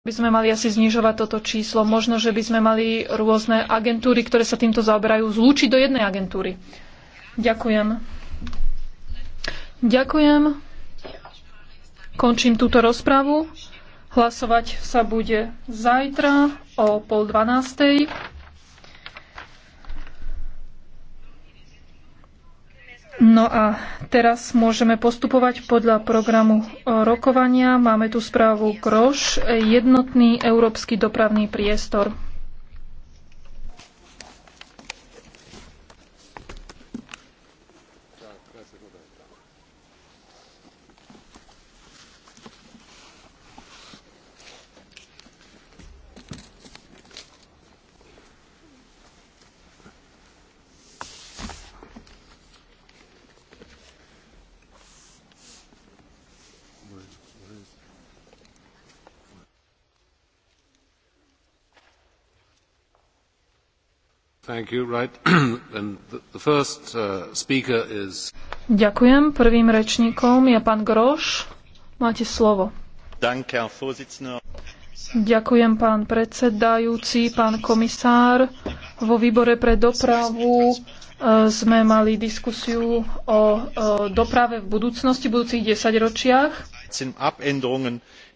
by sme mali asi znižovať toto číslo. Možno, že by sme mali rôzne agentúry, ktoré sa týmto zaoberajú, zlúčiť do jednej agentúry. Ďakujem. Ďakujem. Končím túto rozpravu. Hlasovať sa bude zajtra o pol dvanástej. No a teraz môžeme postupovať podľa programu e, rokovania. Máme tu správu KROŠ, jednotný európsky dopravný priestor. Uh, Ďakujem. Prvým rečníkom je pán Groš. Máte slovo. Ďakujem, pán predsedajúci, pán komisár. Vo výbore pre dopravu uh, sme mali diskusiu o doprave v budúcnosti, v budúcich desaťročiach.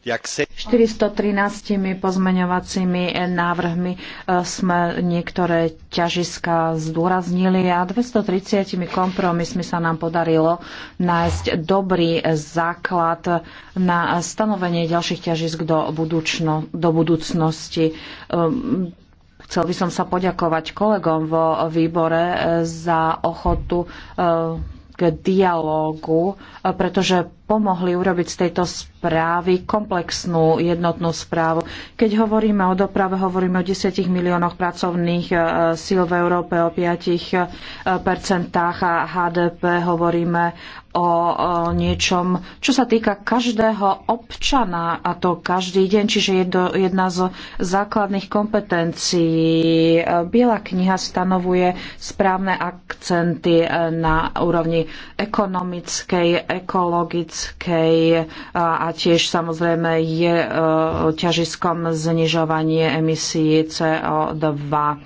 413 pozmeňovacími eh, návrhmi eh, sme niektoré ťažiska zdôraznili a 230 kompromismi sa nám podarilo nájsť dobrý eh, základ na stanovenie ďalších ťažisk do, budúčno, do budúcnosti. Ehm, chcel by som sa poďakovať kolegom vo výbore za ochotu k dialógu, pretože pomohli urobiť z tejto správy komplexnú jednotnú správu. Keď hovoríme o doprave, hovoríme o 10 miliónoch pracovných e, síl v Európe, o 5 e, percentách a HDP hovoríme o niečom, čo sa týka každého občana a to každý deň, čiže je to jedna z základných kompetencií. E, Biela kniha stanovuje správne akcenty na úrovni ekonomickej, ekologickej, energetickej a tiež samozrejme je e, ťažiskom znižovanie emisí CO2 e,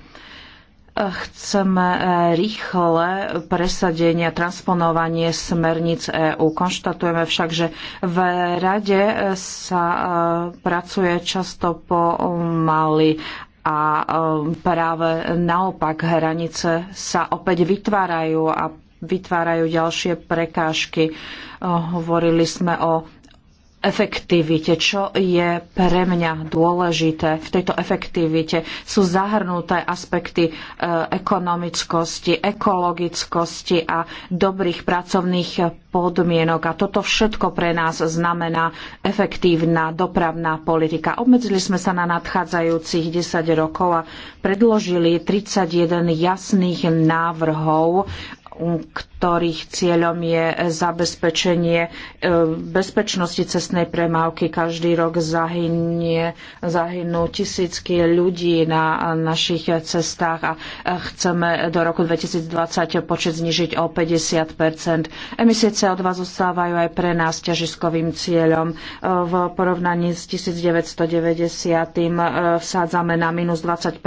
chceme e, rýchle presadenie a transponovanie smerníc EÚ. Konštatujeme však, že v Rade sa pracuje často pomaly a práve naopak hranice sa opäť vytvárajú a vytvárajú ďalšie prekážky. E, hovorili sme o efektivite, čo je pre mňa dôležité v tejto efektivite, sú zahrnuté aspekty e, ekonomickosti, ekologickosti a dobrých pracovných podmienok. A toto všetko pre nás znamená efektívna dopravná politika. Obmedzili sme sa na nadchádzajúcich 10 rokov a predložili 31 jasných návrhov ktorých cieľom je zabezpečenie e, bezpečnosti cestnej premávky. Každý rok zahynie, zahynú tisícky ľudí na našich cestách a e, chceme do roku 2020 počet znižiť o 50 Emisie CO2 zostávajú aj pre nás ťažiskovým cieľom. E, v porovnaní s 1990 vsádzame na minus 20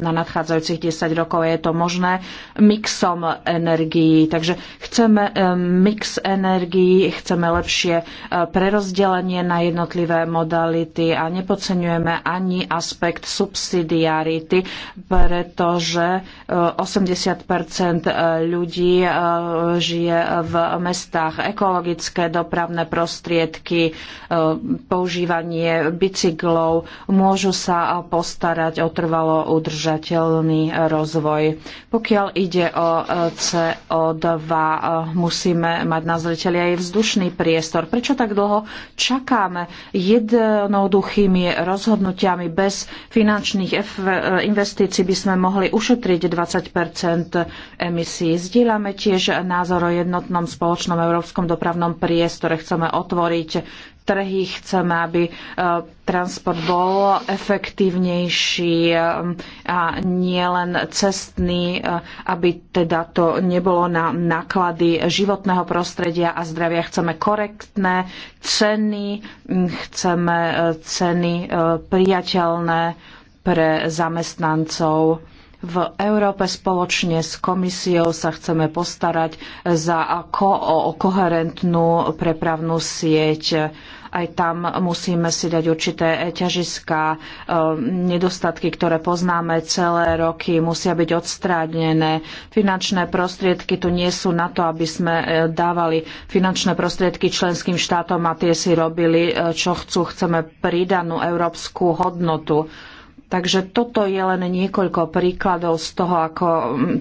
na nadchádzajúcich 10 rokov. Je to možné mixom energie energií. Takže chceme eh, mix energií, chceme lepšie eh, prerozdelenie na jednotlivé modality a nepodceňujeme ani aspekt subsidiarity, pretože 80 eh, ľudí žije v mestách. Ekologické dopravné prostriedky, používanie bicyklov môžu sa postarať o trvalo udržateľný rozvoj. Pokiaľ ide o CE, CO2. E, musíme mať na zreteli aj vzdušný priestor. Prečo tak dlho čakáme jednoduchými rozhodnutiami bez finančných e, investícií by sme mohli ušetriť 20 emisí. Zdieľame tiež názor o jednotnom spoločnom európskom dopravnom priestore. Chceme otvoriť trhy, chceme, aby e, transport bol efektívnejší e, a nielen cestný, e, aby teda to nebolo na náklady životného prostredia a zdravia. Chceme korektné ceny, chceme ceny priateľné pre zamestnancov v Európe spoločne s komisiou sa chceme postarať za ko- o koherentnú prepravnú sieť aj tam musíme si dať určité ťažiská, e, nedostatky, ktoré poznáme celé roky, musia byť odstránené. Finančné prostriedky tu nie sú na to, aby sme e, dávali finančné prostriedky členským štátom a tie si robili, e, čo chcú. Chceme pridanú európsku hodnotu Takže toto je len niekoľko príkladov z toho, ako,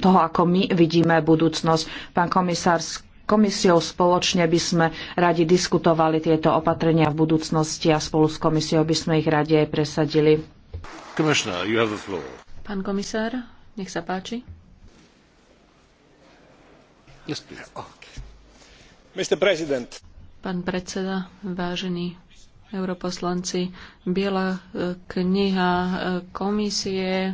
toho, ako my vidíme budúcnosť. Pán komisár, s komisiou spoločne by sme radi diskutovali tieto opatrenia v budúcnosti a spolu s komisiou by sme ich radi aj presadili. Pán komisár, nech sa páči. Yes, Pán predseda, vážení europoslanci. Biela e, kniha e, komisie e,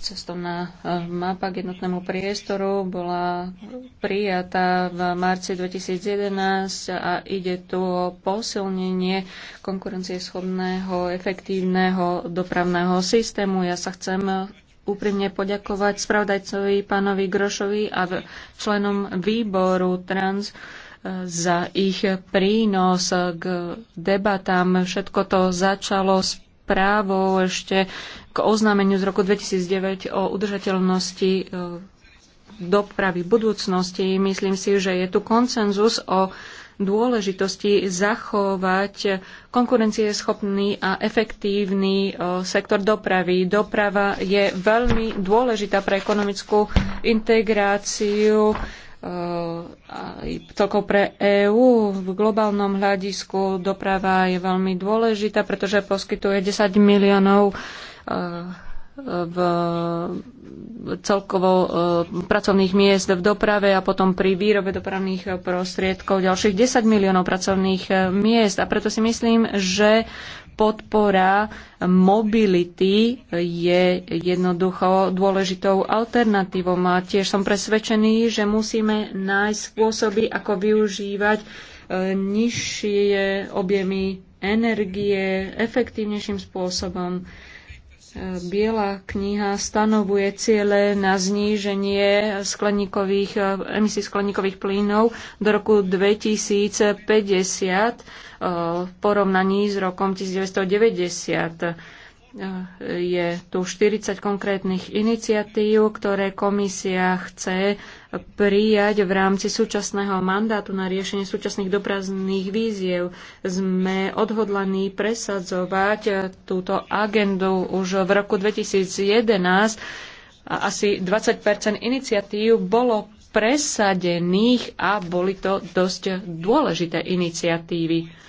cestovná mapa k jednotnému priestoru bola prijatá v marci 2011 a ide tu o posilnenie konkurencieschopného, efektívneho dopravného systému. Ja sa chcem úprimne poďakovať spravodajcovi pánovi Grošovi a členom výboru Trans za ich prínos k debatám. Všetko to začalo s právou ešte k oznámeniu z roku 2009 o udržateľnosti e, dopravy budúcnosti. Myslím si, že je tu koncenzus o dôležitosti zachovať konkurencieschopný a efektívny e, sektor dopravy. Doprava je veľmi dôležitá pre ekonomickú integráciu toľko eh, pre EÚ v globálnom hľadisku doprava je veľmi dôležitá, pretože poskytuje 10 miliónov eh, v celkovo eh, pracovných miest v doprave a potom pri výrobe dopravných prostriedkov ďalších 10 miliónov pracovných miest. A preto si myslím, že podpora mobility je jednoducho dôležitou alternatívou. A tiež som presvedčený, že musíme nájsť spôsoby, ako využívať e, nižšie objemy energie efektívnejším spôsobom. Biela kniha stanovuje ciele na zníženie skleníkových, e, emisí skleníkových plynov do roku 2050 e, v porovnaní s rokom 1990 je tu 40 konkrétnych iniciatív, ktoré komisia chce prijať v rámci súčasného mandátu na riešenie súčasných dopravných víziev. Sme odhodlaní presadzovať túto agendu už v roku 2011. Asi 20 iniciatív bolo presadených a boli to dosť dôležité iniciatívy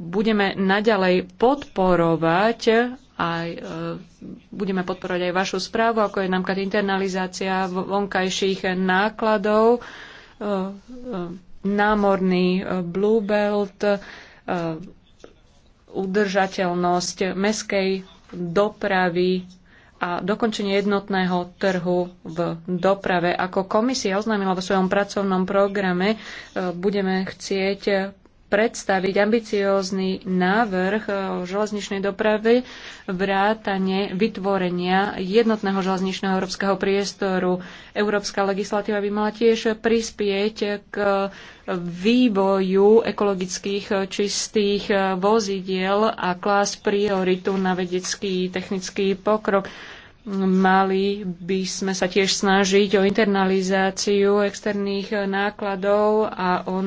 budeme naďalej podporovať aj e, budeme podporovať aj vašu správu, ako je napríklad internalizácia vonkajších nákladov, e, e, námorný e, bluebelt, e, udržateľnosť meskej dopravy a dokončenie jednotného trhu v doprave. Ako komisia oznámila vo svojom pracovnom programe, e, budeme chcieť predstaviť ambiciózny návrh o železničnej doprave vrátane vytvorenia jednotného železničného európskeho priestoru. Európska legislatíva by mala tiež prispieť k vývoju ekologických čistých vozidiel a klásť prioritu na vedecký technický pokrok Mali by sme sa tiež snažiť o internalizáciu externých eh, nákladov a o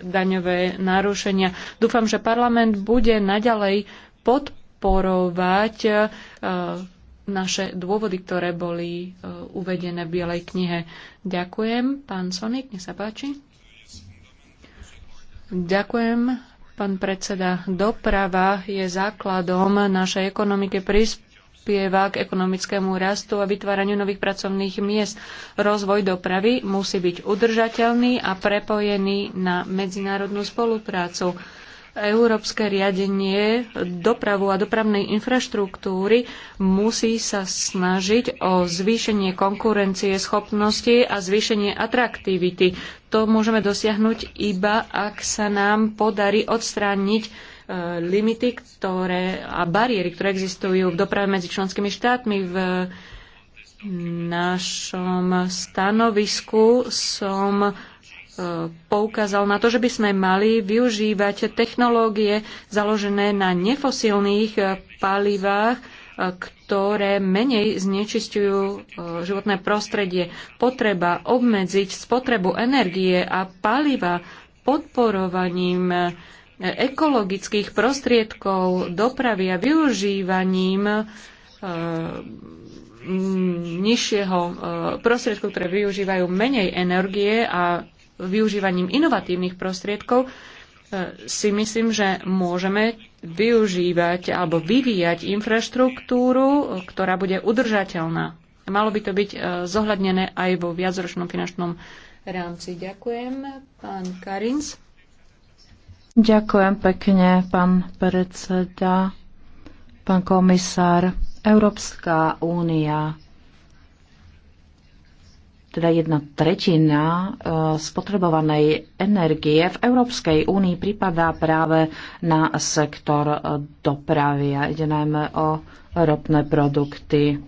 daňové narušenia. Dúfam, že parlament bude naďalej podporovať eh, naše dôvody, ktoré boli eh, uvedené v Bielej knihe. Ďakujem. Pán Sonik, nech sa páči. Ďakujem, pán predseda. Doprava je základom našej ekonomiky, prispôsobom prispieva k ekonomickému rastu a vytváraniu nových pracovných miest. Rozvoj dopravy musí byť udržateľný a prepojený na medzinárodnú spoluprácu. Európske riadenie dopravu a dopravnej infraštruktúry musí sa snažiť o zvýšenie konkurencie schopnosti a zvýšenie atraktivity. To môžeme dosiahnuť iba, ak sa nám podarí odstrániť limity ktoré, a bariéry, ktoré existujú v doprave medzi členskými štátmi. V našom stanovisku som e, poukázal na to, že by sme mali využívať technológie založené na nefosilných e, palivách, e, ktoré menej znečisťujú životné prostredie. Potreba obmedziť spotrebu energie a paliva podporovaním ekologických prostriedkov dopravy a využívaním eh, nižšieho eh, prostriedku, ktoré využívajú menej energie a využívaním inovatívnych prostriedkov, eh, si myslím, že môžeme využívať alebo vyvíjať infraštruktúru, ktorá bude udržateľná. Malo by to byť zohľadnené aj vo viacročnom finančnom rámci. Ďakujem, pán Karins. Ďakujem pekne, pán predseda, pán komisár. Európska únia, teda jedna tretina eh, spotrebovanej energie v Európskej únii pripadá práve na sektor dopravy a ide najmä o ropné produkty.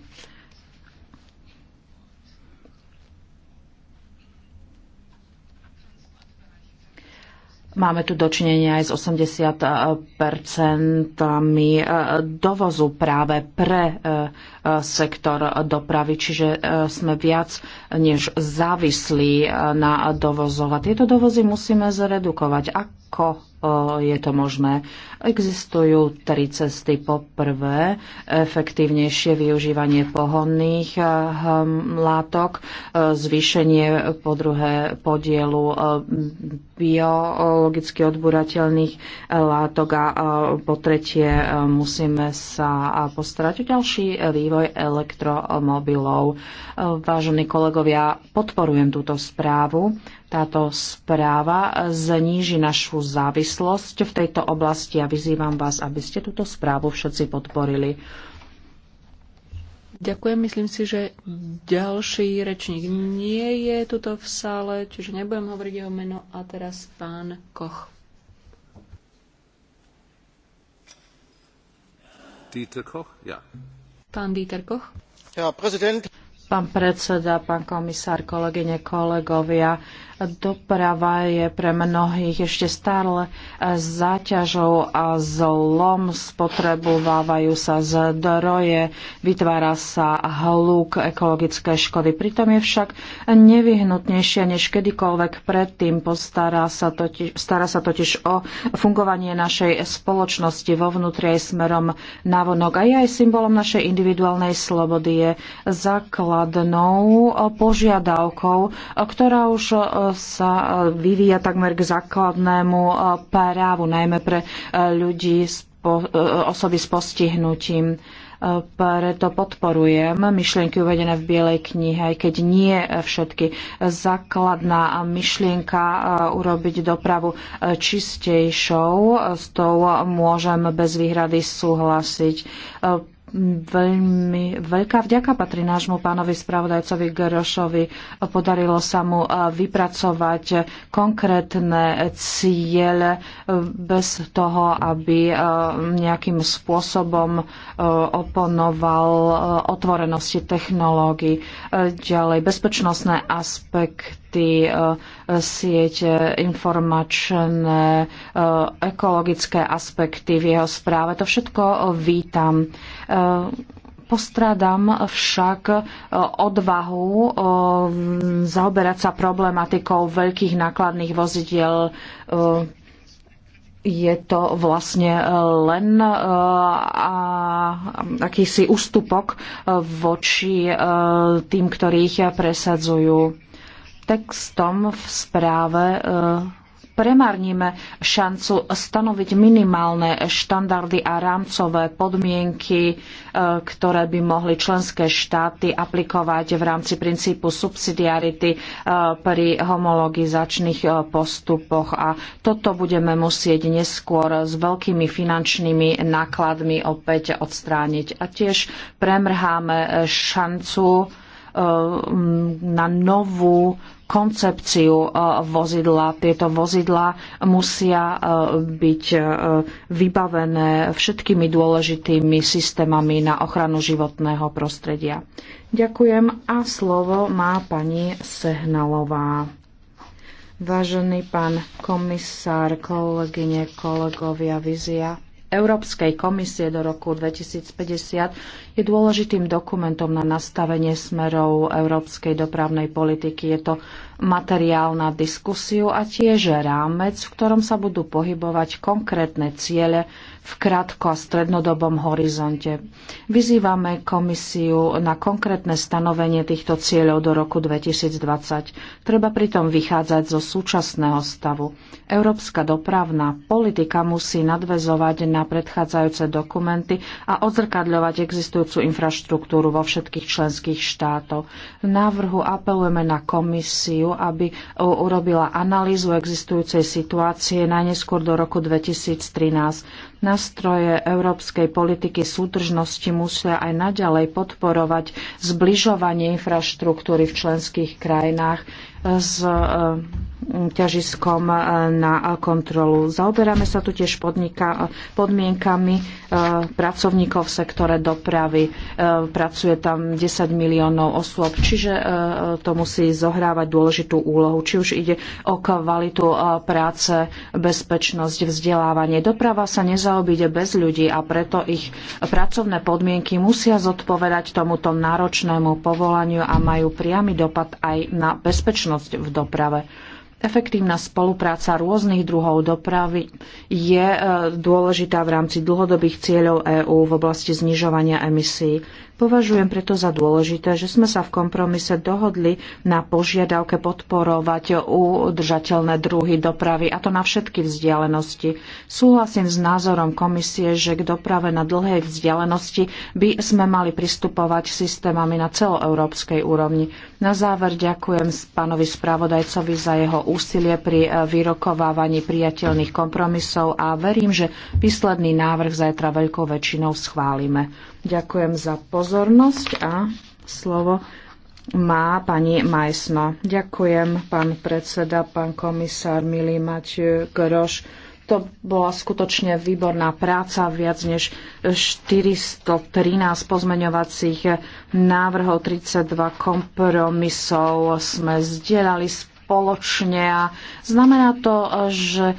Máme tu dočinenie aj s 80 eh, dovozu práve pre eh, sektor dopravy, čiže e, sme viac než závislí e, na dovozoch. A tieto dovozy musíme zredukovať. Ako e, je to možné? Existujú tri cesty. Po prvé, efektívnejšie využívanie pohonných hm, látok, zvýšenie po druhé podielu biologicky odburateľných látok a po tretie musíme sa postarať o ďalší vývoj vývoj elektromobilov. Vážení kolegovia, podporujem túto správu. Táto správa zníži našu závislosť v tejto oblasti a vyzývam vás, aby ste túto správu všetci podporili. Ďakujem. Myslím si, že ďalší rečník nie je tuto v sále, čiže nebudem hovoriť jeho meno. A teraz pán Koch. Dieter Koch? Ja. Pán Dieter Koch. Ja, prezident. Pán predseda, pán komisár, kolegyne, kolegovia. Doprava je pre mnohých ešte stále záťažou a zlom, spotrebovávajú sa zdroje, vytvára sa hluk, ekologické škody. Pritom je však nevyhnutnejšia než kedykoľvek predtým. Postará sa totiž, stará sa totiž o fungovanie našej spoločnosti vo vnútri aj smerom navonok. A je aj symbolom našej individuálnej slobody. Je základnou požiadavkou, ktorá už sa e, vyvíja takmer k základnému e, právu, najmä pre e, ľudí, osoby s postihnutím preto podporujem myšlienky uvedené v Bielej knihe, aj keď nie všetky. Základná myšlienka urobiť dopravu čistejšou, s tou môžem bez výhrady súhlasiť Veľmi veľká vďaka patrí nášmu pánovi spravodajcovi Gerošovi. Podarilo sa mu e, vypracovať konkrétne ciele e, bez toho, aby e, nejakým spôsobom oponoval otvorenosti technológií. Ďalej bezpečnostné aspekty projekty, e, sieť e, informačné, e, ekologické aspekty v jeho správe. To všetko vítam. Postrádam však odvahu zaoberať sa problematikou veľkých nákladných vozidiel je to vlastne len akýsi ústupok voči tým, ktorých presadzujú textom v správe e, premarníme šancu stanoviť minimálne štandardy a rámcové podmienky, e, ktoré by mohli členské štáty aplikovať v rámci princípu subsidiarity e, pri homologizačných postupoch. A toto budeme musieť neskôr s veľkými finančnými nákladmi opäť odstrániť. A tiež premrháme šancu Eh, na novú koncepciu eh, vozidla. Tieto vozidla musia eh, byť vybavené všetkými dôležitými systémami na ochranu životného prostredia. Ďakujem a slovo má pani Sehnalová. Vážený pán komisár, kolegyne, kolegovia, vizia Európskej komisie do roku 2050 je dôležitým dokumentom na nastavenie smerov európskej dopravnej politiky. Je to materiál na diskusiu a tiež rámec, v ktorom sa budú pohybovať konkrétne ciele v krátko a strednodobom horizonte. Vyzývame komisiu na konkrétne stanovenie týchto cieľov do roku 2020. Treba pritom vychádzať zo súčasného stavu. Európska dopravná politika musí nadvezovať na predchádzajúce dokumenty a odzrkadľovať existujúcu infraštruktúru vo všetkých členských štátoch. V návrhu apelujeme na komisiu, aby urobila analýzu existujúcej situácie najneskôr do roku 2013 Nástroje európskej politiky súdržnosti musia aj naďalej podporovať zbližovanie infraštruktúry v členských krajinách s e, ťažiskom e, na kontrolu. Zaoberáme sa tu tiež podnika, podmienkami e, pracovníkov v sektore dopravy. Pracuje tam 10 miliónov osôb, čiže to musí zohrávať dôležitú úlohu. Či už ide o kvalitu práce, bezpečnosť, vzdelávanie. Doprava sa nezaobíde bez ľudí a preto ich pracovné podmienky musia zodpovedať tomuto náročnému povolaniu a majú priamy dopad aj na bezpečnosť bezpečnosť v doprave. Efektívna spolupráca rôznych druhov dopravy je e, dôležitá v rámci dlhodobých cieľov EÚ v oblasti znižovania emisí. Považujem preto za dôležité, že sme sa v kompromise dohodli na požiadavke podporovať udržateľné druhy dopravy, a to na všetky vzdialenosti. Súhlasím s názorom komisie, že k doprave na dlhej vzdialenosti by sme mali pristupovať systémami na celoeurópskej úrovni. Na záver ďakujem pánovi spravodajcovi za jeho úsilie pri vyrokovávaní priateľných kompromisov a verím, že výsledný návrh zajtra veľkou väčšinou schválime. Ďakujem za pozornosť a slovo má pani Majsno. Ďakujem, pán predseda, pán komisár, milý Matiu Groš. To bola skutočne výborná práca, viac než 413 pozmeňovacích návrhov, 32 kompromisov sme zdieľali, spoločne a znamená to, že e,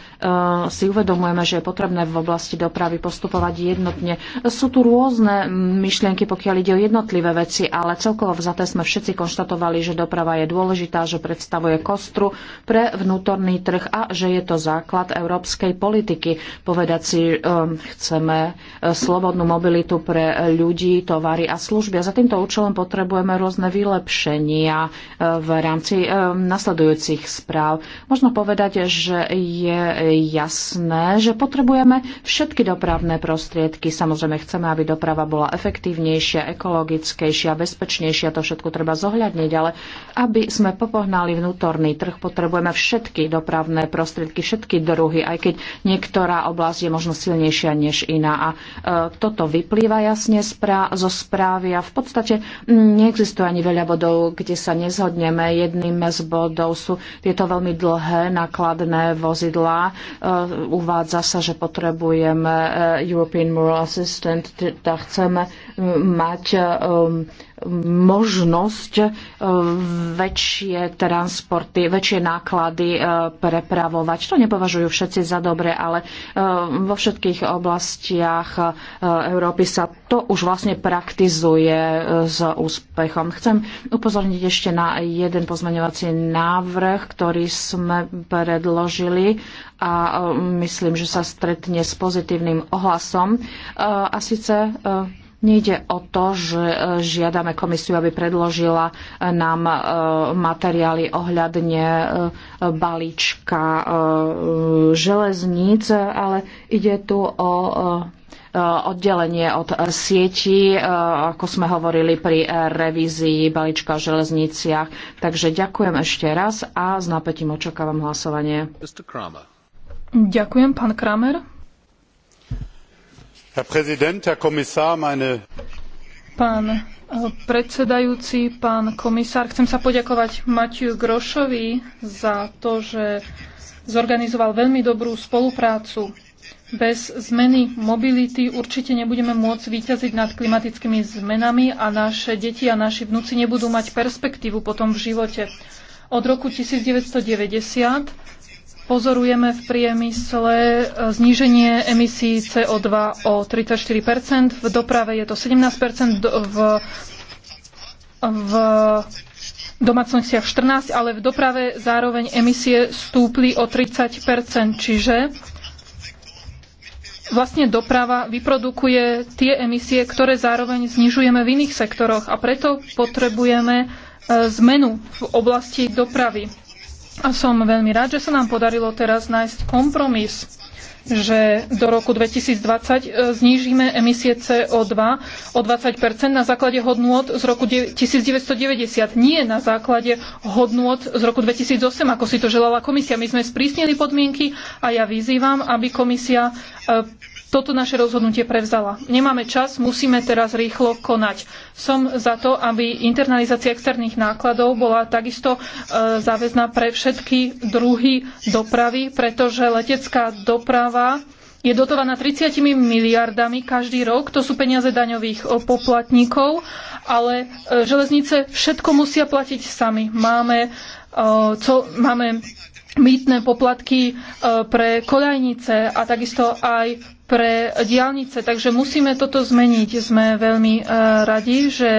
si uvedomujeme, že je potrebné v oblasti dopravy postupovať jednotne. Sú tu rôzne myšlienky, pokiaľ ide o jednotlivé veci, ale celkovo vzaté sme všetci konštatovali, že doprava je dôležitá, že predstavuje kostru pre vnútorný trh a že je to základ európskej politiky. Povedať si, e, chceme e, slobodnú mobilitu pre ľudí, tovary a služby. A za týmto účelom potrebujeme rôzne vylepšenia v rámci nasledujúcich nasledujúcich správ. Možno povedať, že je jasné, že potrebujeme všetky dopravné prostriedky. Samozrejme, chceme, aby doprava bola efektívnejšia, ekologickejšia, bezpečnejšia. To všetko treba zohľadniť, ale aby sme popohnali vnútorný trh, potrebujeme všetky dopravné prostriedky, všetky druhy, aj keď niektorá oblasť je možno silnejšia než iná. A e, toto vyplýva jasne zo správy a v podstate neexistuje ani veľa bodov, kde sa nezhodneme. Jedným z bodov sú tieto veľmi dlhé nákladné vozidlá. E, uvádza sa, že potrebujeme e, European Moral Assistant, teda chceme mať e, možnosť e, väčšie transporty, väčšie náklady e, prepravovať. To nepovažujú všetci za dobre, ale e, vo všetkých oblastiach Európy sa to už vlastne praktizuje s úspechom. Chcem upozorniť ešte na jeden pozmeňovací návrh, ktorý sme predložili a myslím, že sa stretne s pozitívnym ohlasom. A síce Nejde o to, že e, žiadame komisiu, aby predložila e, nám e, materiály ohľadne balíčka železníc, ale ide tu o oddelenie od sieti, ako sme hovorili pri revízii balíčka v železniciach. Takže ďakujem ešte raz a s napätím očakávam hlasovanie. Ďakujem, pán Kramer herr präsident herr kommissar meine Pán eh, predsedajúci, pán komisár, chcem sa poďakovať Matiu Grošovi za to, že zorganizoval veľmi dobrú spoluprácu. Bez zmeny mobility určite nebudeme môcť výťaziť nad klimatickými zmenami a naše deti a naši vnúci nebudú mať perspektívu potom v živote. Od roku 1990 pozorujeme v priemysle e, zníženie emisí CO2 o 34 v doprave je to 17 v, v domácnostiach 14 ale v doprave zároveň emisie stúpli o 30 čiže vlastne doprava vyprodukuje tie emisie, ktoré zároveň znižujeme v iných sektoroch a preto potrebujeme e, zmenu v oblasti dopravy. A som veľmi rád, že sa nám podarilo teraz nájsť kompromis, že do roku 2020 e, znížime emisie CO2 o 20 na základe hodnôt z roku 1990, nie na základe hodnôt z roku 2008, ako si to želala komisia. My sme sprísnili podmienky a ja vyzývam, aby komisia e, toto naše rozhodnutie prevzala. Nemáme čas, musíme teraz rýchlo konať. Som za to, aby internalizácia externých nákladov bola takisto e, záväzná pre všetky druhy dopravy, pretože letecká doprava je dotovaná 30 miliardami každý rok, to sú peniaze daňových e, poplatníkov, ale e, železnice všetko musia platiť sami. Máme, co, máme mýtne poplatky e, pre koľajnice a takisto aj pre diálnice. Takže musíme toto zmeniť. Sme veľmi e, radi, že,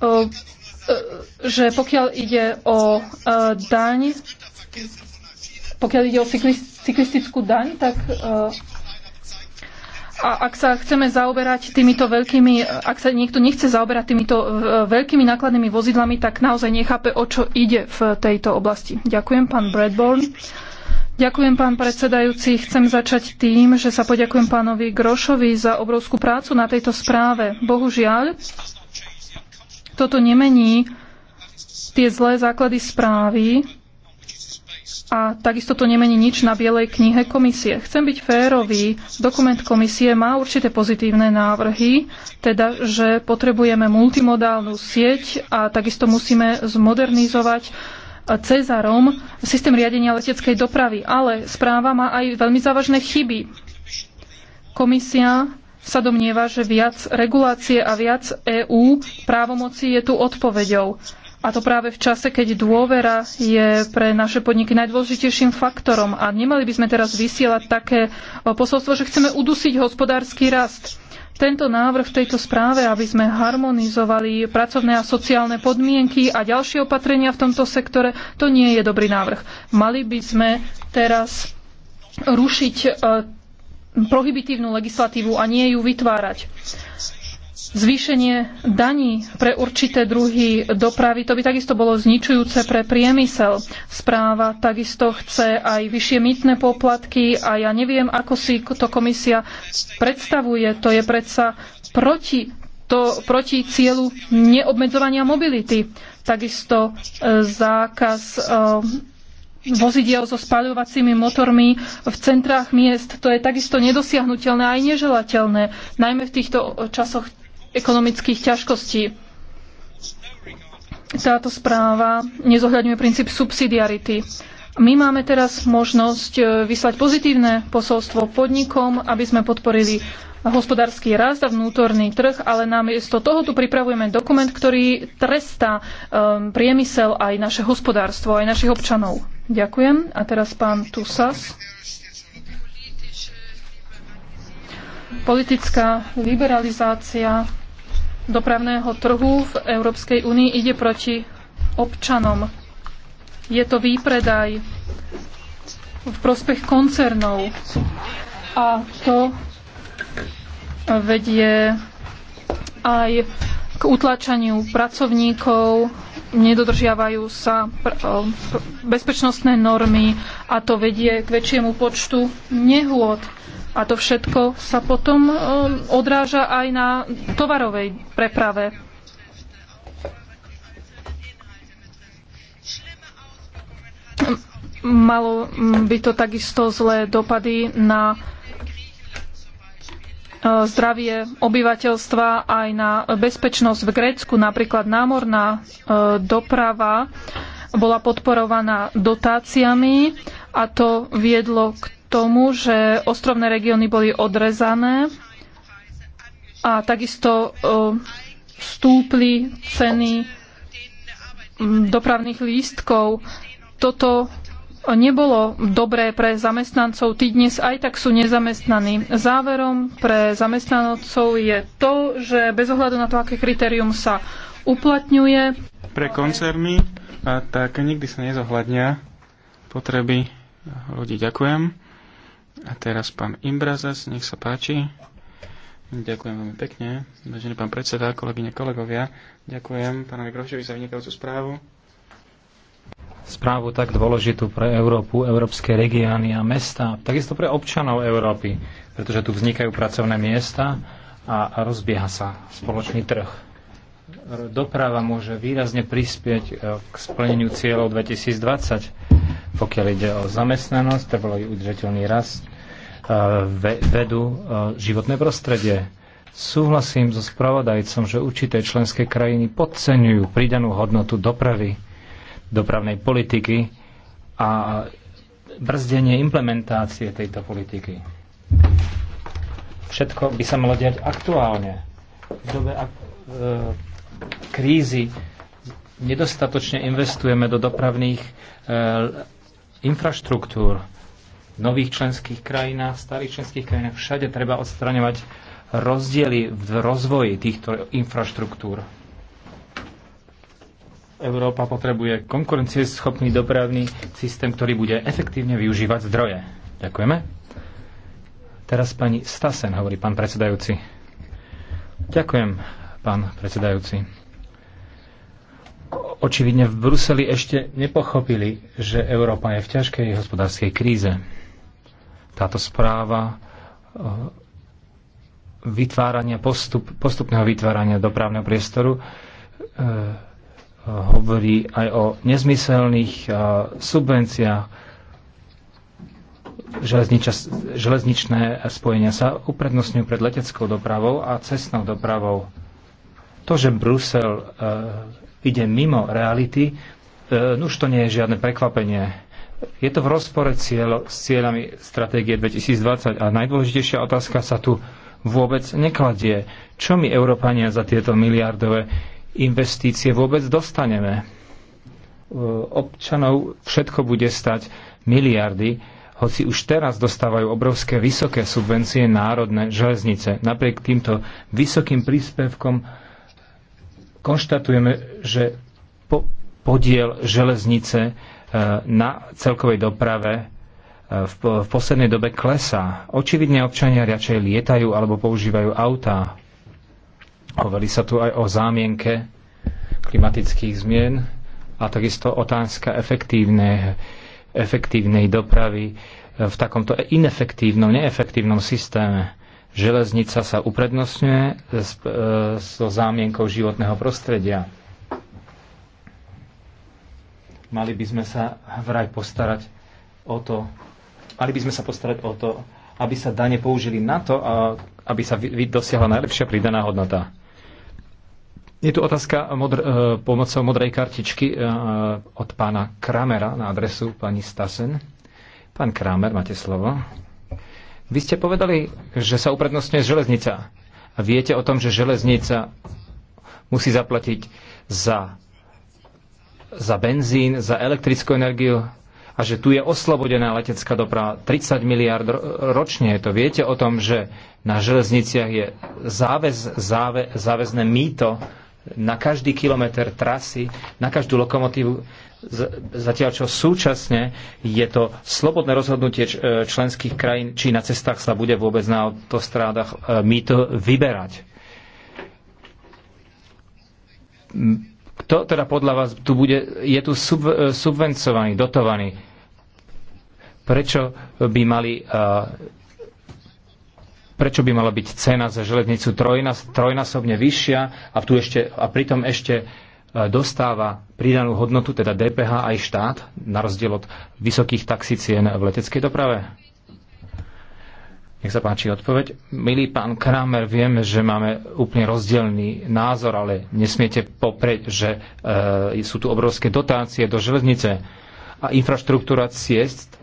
e, že pokiaľ ide o daň, pokiaľ ide o cyklistickú daň, tak a ak sa chceme zaoberať týmito veľkými, ak sa niekto nechce zaoberať týmito e, veľkými nákladnými vozidlami, tak naozaj nechápe, o čo ide v tejto oblasti. Ďakujem, pán Bradborn. Ďakujem, pán predsedajúci. Chcem začať tým, že sa poďakujem pánovi Grošovi za obrovskú prácu na tejto správe. Bohužiaľ, toto nemení tie zlé základy správy, a takisto to nemení nič na Bielej knihe komisie. Chcem byť férový. Dokument komisie má určité pozitívne návrhy, teda, že potrebujeme multimodálnu sieť a takisto musíme zmodernizovať e, Cezarom systém riadenia leteckej dopravy. Ale správa má aj veľmi závažné chyby. Komisia sa domnieva, že viac regulácie a viac EÚ právomoci je tu odpoveďou. A to práve v čase, keď dôvera je pre naše podniky najdôležitejším faktorom. A nemali by sme teraz vysielať také eh, posolstvo, že chceme udusiť hospodársky rast. Tento návrh v tejto správe, aby sme harmonizovali pracovné a sociálne podmienky a ďalšie opatrenia v tomto sektore, to nie je dobrý návrh. Mali by sme teraz rušiť eh, prohibitívnu legislatívu a nie ju vytvárať. Zvýšenie daní pre určité druhy dopravy, to by takisto bolo zničujúce pre priemysel. Správa takisto chce aj vyššie mytné poplatky a ja neviem, ako si to komisia predstavuje. To je predsa proti, to, proti cieľu neobmedzovania mobility. Takisto e, zákaz e, vozidiel so spaľovacími motormi v centrách miest. To je takisto nedosiahnutelné a aj neželateľné, najmä v týchto časoch ekonomických ťažkostí. Táto správa nezohľadňuje princíp subsidiarity. My máme teraz možnosť e, vyslať pozitívne posolstvo podnikom, aby sme podporili hospodársky rast a vnútorný trh, ale namiesto toho tu pripravujeme dokument, ktorý trestá um, priemysel aj naše hospodárstvo, aj našich občanov. Ďakujem. A teraz pán Tusas. Politická liberalizácia dopravného trhu v Európskej únii ide proti občanom. Je to výpredaj v prospech koncernov a to vedie aj k utlačaniu pracovníkov, nedodržiavajú sa e, bezpečnostné normy a to vedie k väčšiemu počtu nehôd a to všetko sa potom um, odráža aj na tovarovej preprave. Malo by to takisto zlé dopady na uh, zdravie obyvateľstva aj na bezpečnosť v Grécku. Napríklad námorná uh, doprava bola podporovaná dotáciami a to viedlo k tomu, že ostrovné regióny boli odrezané a takisto e, stúpli ceny dopravných lístkov. Toto nebolo dobré pre zamestnancov. Tí dnes aj tak sú nezamestnaní. Záverom pre zamestnancov je to, že bez ohľadu na to, aké kritérium sa uplatňuje. Pre koncerny, tak nikdy sa nezohľadnia potreby ľudí. Ďakujem. A teraz pán Imbrazes, nech sa páči. Ďakujem veľmi pekne. Vážený pán predseda, kolegyne, kolegovia, ďakujem pánovi Grošovi za vynikajúcu správu. Správu tak dôležitú pre Európu, európske regióny a mesta, takisto pre občanov Európy, pretože tu vznikajú pracovné miesta a rozbieha sa spoločný trh doprava môže výrazne prispieť e, k splneniu cieľov 2020, pokiaľ ide o zamestnanosť, trvalý udržateľný rast, e, vedu, e, životné prostredie. Súhlasím so spravodajcom, že určité členské krajiny podceňujú pridanú hodnotu dopravy, dopravnej politiky a brzdenie implementácie tejto politiky. Všetko by sa malo diať aktuálne, v dobe ak- e krízy nedostatočne investujeme do dopravných e, infraštruktúr v nových členských krajinách, starých členských krajinách. Všade treba odstraňovať rozdiely v rozvoji týchto infraštruktúr. Európa potrebuje konkurencieschopný dopravný systém, ktorý bude efektívne využívať zdroje. Ďakujeme. Teraz pani Stasen, hovorí pán predsedajúci. Ďakujem pán predsedajúci. Očividne v Bruseli ešte nepochopili, že Európa je v ťažkej hospodárskej kríze. Táto správa eh, vytvárania postup, postupného vytvárania dopravného priestoru e, hovorí aj o nezmyselných e, subvenciách. Železničné spojenia sa uprednostňujú pred leteckou dopravou a cestnou dopravou. To, že Brusel e, ide mimo reality, e, no už to nie je žiadne prekvapenie. Je to v rozpore s cieľami stratégie 2020 a najdôležitejšia otázka sa tu vôbec nekladie. Čo my, Európania, za tieto miliardové investície vôbec dostaneme? E, občanov všetko bude stať miliardy, hoci už teraz dostávajú obrovské vysoké subvencie národné železnice. Napriek týmto vysokým príspevkom konštatujeme, že po, podiel železnice e, na celkovej doprave e, v, v poslednej dobe klesá. Očividne občania radšej lietajú alebo používajú autá. Hovorí sa tu aj o zámienke klimatických zmien a takisto otázka efektívne, efektívnej dopravy e, v takomto inefektívnom, neefektívnom systéme. Železnica sa uprednostňuje e, so zámienkou životného prostredia. Mali by sme sa vraj postarať o to, mali by sme sa postarať o to, aby sa dane použili na to, aby sa dosiahla najlepšia pridaná hodnota. Je tu otázka modr- e, pomocou modrej kartičky e, od pána Kramera na adresu pani Stasen. Pán Kramer, máte slovo. Vy ste povedali, že sa uprednostňuje železnica. A viete o tom, že železnica musí zaplatiť za, za benzín, za elektrickú energiu a že tu je oslobodená letecká doprava. 30 miliard ročne je to. Viete o tom, že na železniciach je záväz, záve, záväzné mýto na každý kilometr trasy, na každú lokomotívu Zatiaľ čo súčasne je to slobodné rozhodnutie e, členských krajín, či na cestách sa bude vôbec na autostrádach e, mýto vyberať. Kto teda podľa vás tu bude, je tu sub, e, subvencovaný, dotovaný? Prečo by mali prečo by mala byť cena za železnicu trojnásobne vyššia a, tu ešte, a pritom ešte E, dostáva pridanú hodnotu, teda DPH aj štát, na rozdiel od vysokých taxicien v leteckej doprave? Nech sa páči odpoveď. Milý pán Kramer, vieme, že máme úplne rozdielný názor, ale nesmiete popreť, že e, sú tu obrovské dotácie do železnice a infraštruktúra ciest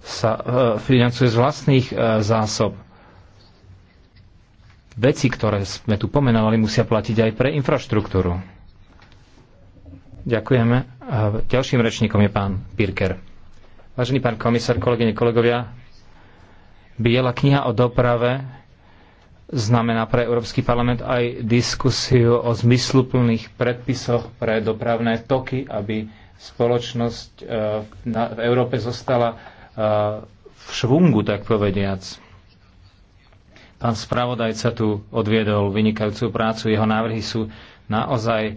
sa e, financuje z vlastných e, zásob veci, ktoré sme tu pomenovali, musia platiť aj pre infraštruktúru. Ďakujeme. A ďalším rečníkom je pán Pirker. Vážený pán komisár, kolegyne, kolegovia, Biela kniha o doprave znamená pre Európsky parlament aj diskusiu o zmysluplných predpisoch pre dopravné toky, aby spoločnosť eh, v Európe zostala eh, v švungu, tak povediac. Pán spravodajca tu odviedol vynikajúcu prácu. Jeho návrhy sú naozaj e,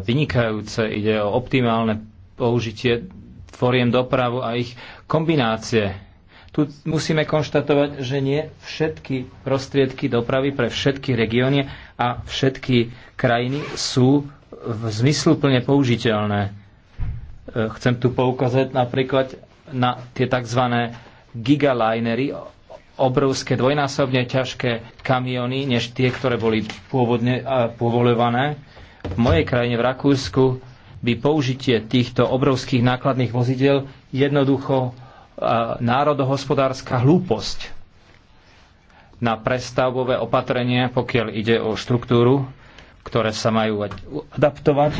vynikajúce. Ide o optimálne použitie foriem dopravu a ich kombinácie. Tu musíme konštatovať, že nie všetky prostriedky dopravy pre všetky regióny a všetky krajiny sú v zmyslu plne použiteľné. E, chcem tu poukázať napríklad na tie tzv. gigalinery, obrovské, dvojnásobne ťažké kamiony, než tie, ktoré boli pôvodne povolované. V mojej krajine, v Rakúsku, by použitie týchto obrovských nákladných vozidel jednoducho národohospodárska hlúposť na prestavbové opatrenia, pokiaľ ide o štruktúru, ktoré sa majú adaptovať,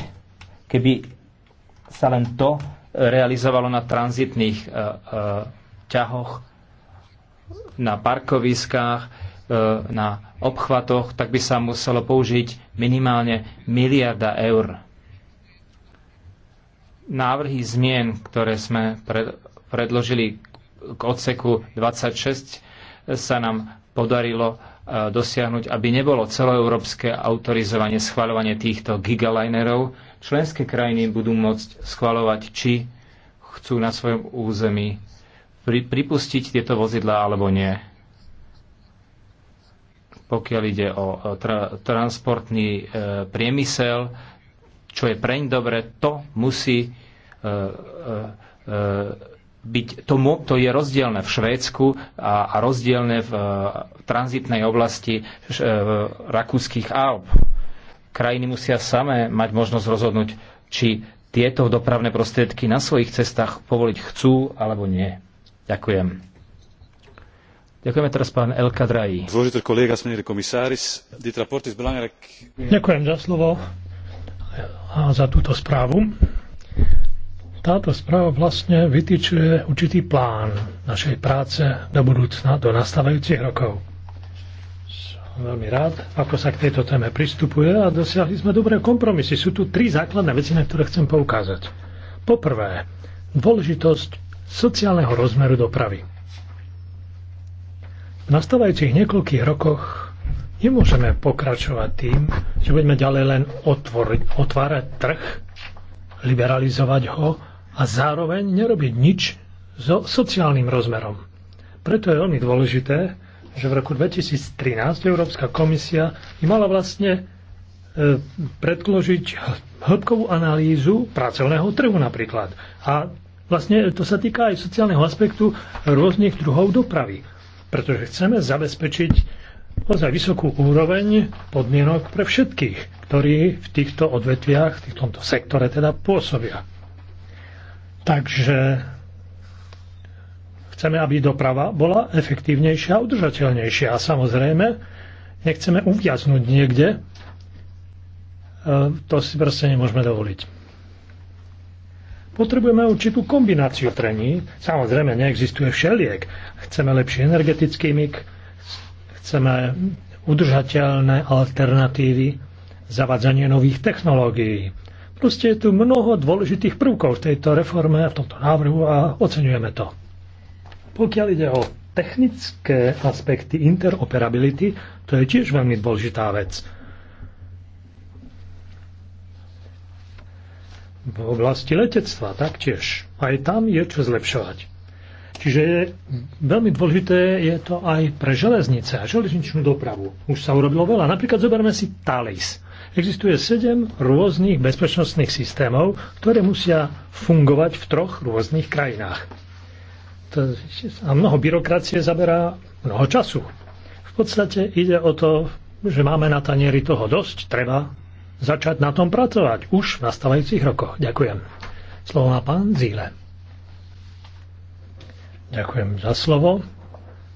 keby sa len to realizovalo na tranzitných ťahoch na parkoviskách, e, na obchvatoch, tak by sa muselo použiť minimálne miliarda eur. Návrhy zmien, ktoré sme predložili k odseku 26, sa nám podarilo e, dosiahnuť, aby nebolo celoeurópske autorizovanie, schvaľovanie týchto gigalinerov. Členské krajiny budú môcť schvaľovať, či chcú na svojom území pri, pripustiť tieto vozidlá alebo nie. Pokiaľ ide o tra, transportný e, priemysel, čo je preň dobre, to musí e, e, e byť, to, to je rozdielne v Švédsku a, a rozdielne v e, tranzitnej oblasti e, rakúskych Alp. Krajiny musia samé mať možnosť rozhodnúť, či tieto dopravné prostriedky na svojich cestách povoliť chcú alebo nie. Ďakujem. Ďakujeme teraz pán El Kadraji. Voorzitter, collega's, meneer de commissaris. Dit rapport Ďakujem za slovo a za túto správu. Táto správa vlastne vytýčuje určitý plán našej práce do budúcna, do nastávajúcich rokov. Som veľmi rád, ako sa k tejto téme pristupuje a dosiahli sme dobré kompromisy. Sú tu tri základné veci, na ktoré chcem poukázať. Poprvé, dôležitosť sociálneho rozmeru dopravy. V nastávajúcich niekoľkých rokoch nemôžeme pokračovať tým, že budeme ďalej len otvoriť, otvárať trh, liberalizovať ho a zároveň nerobiť nič so sociálnym rozmerom. Preto je veľmi dôležité, že v roku 2013 Európska komisia by mala vlastne e, predložiť hĺbkovú analýzu pracovného trhu napríklad. A Vlastne e, to sa týka aj sociálneho aspektu rôznych druhov dopravy, pretože chceme zabezpečiť ozaj vysokú úroveň podmienok pre všetkých, ktorí v týchto odvetviach, v tomto sektore teda pôsobia. Takže chceme, aby doprava bola efektívnejšia a udržateľnejšia. A samozrejme, nechceme uviaznúť niekde. E, to si proste nemôžeme dovoliť potrebujeme určitú kombináciu trení. Samozrejme, neexistuje všeliek. Chceme lepší energetický mik, chceme udržateľné alternatívy, zavadzanie nových technológií. Proste je tu mnoho dôležitých prvkov v tejto reforme a v tomto návrhu a oceňujeme to. Pokiaľ ide o technické aspekty interoperability, to je tiež veľmi dôležitá vec v oblasti letectva taktiež. Aj tam je čo zlepšovať. Čiže je, veľmi dôležité je to aj pre železnice a železničnú dopravu. Už sa urobilo veľa. Napríklad zoberme si Thales. Existuje sedem rôznych bezpečnostných systémov, ktoré musia fungovať v troch rôznych krajinách. To, a mnoho byrokracie zaberá mnoho času. V podstate ide o to, že máme na tanieri toho dosť, treba začať na tom pracovať už v nastávajúcich rokoch. Ďakujem. Slovo má pán Zíle. Ďakujem za slovo.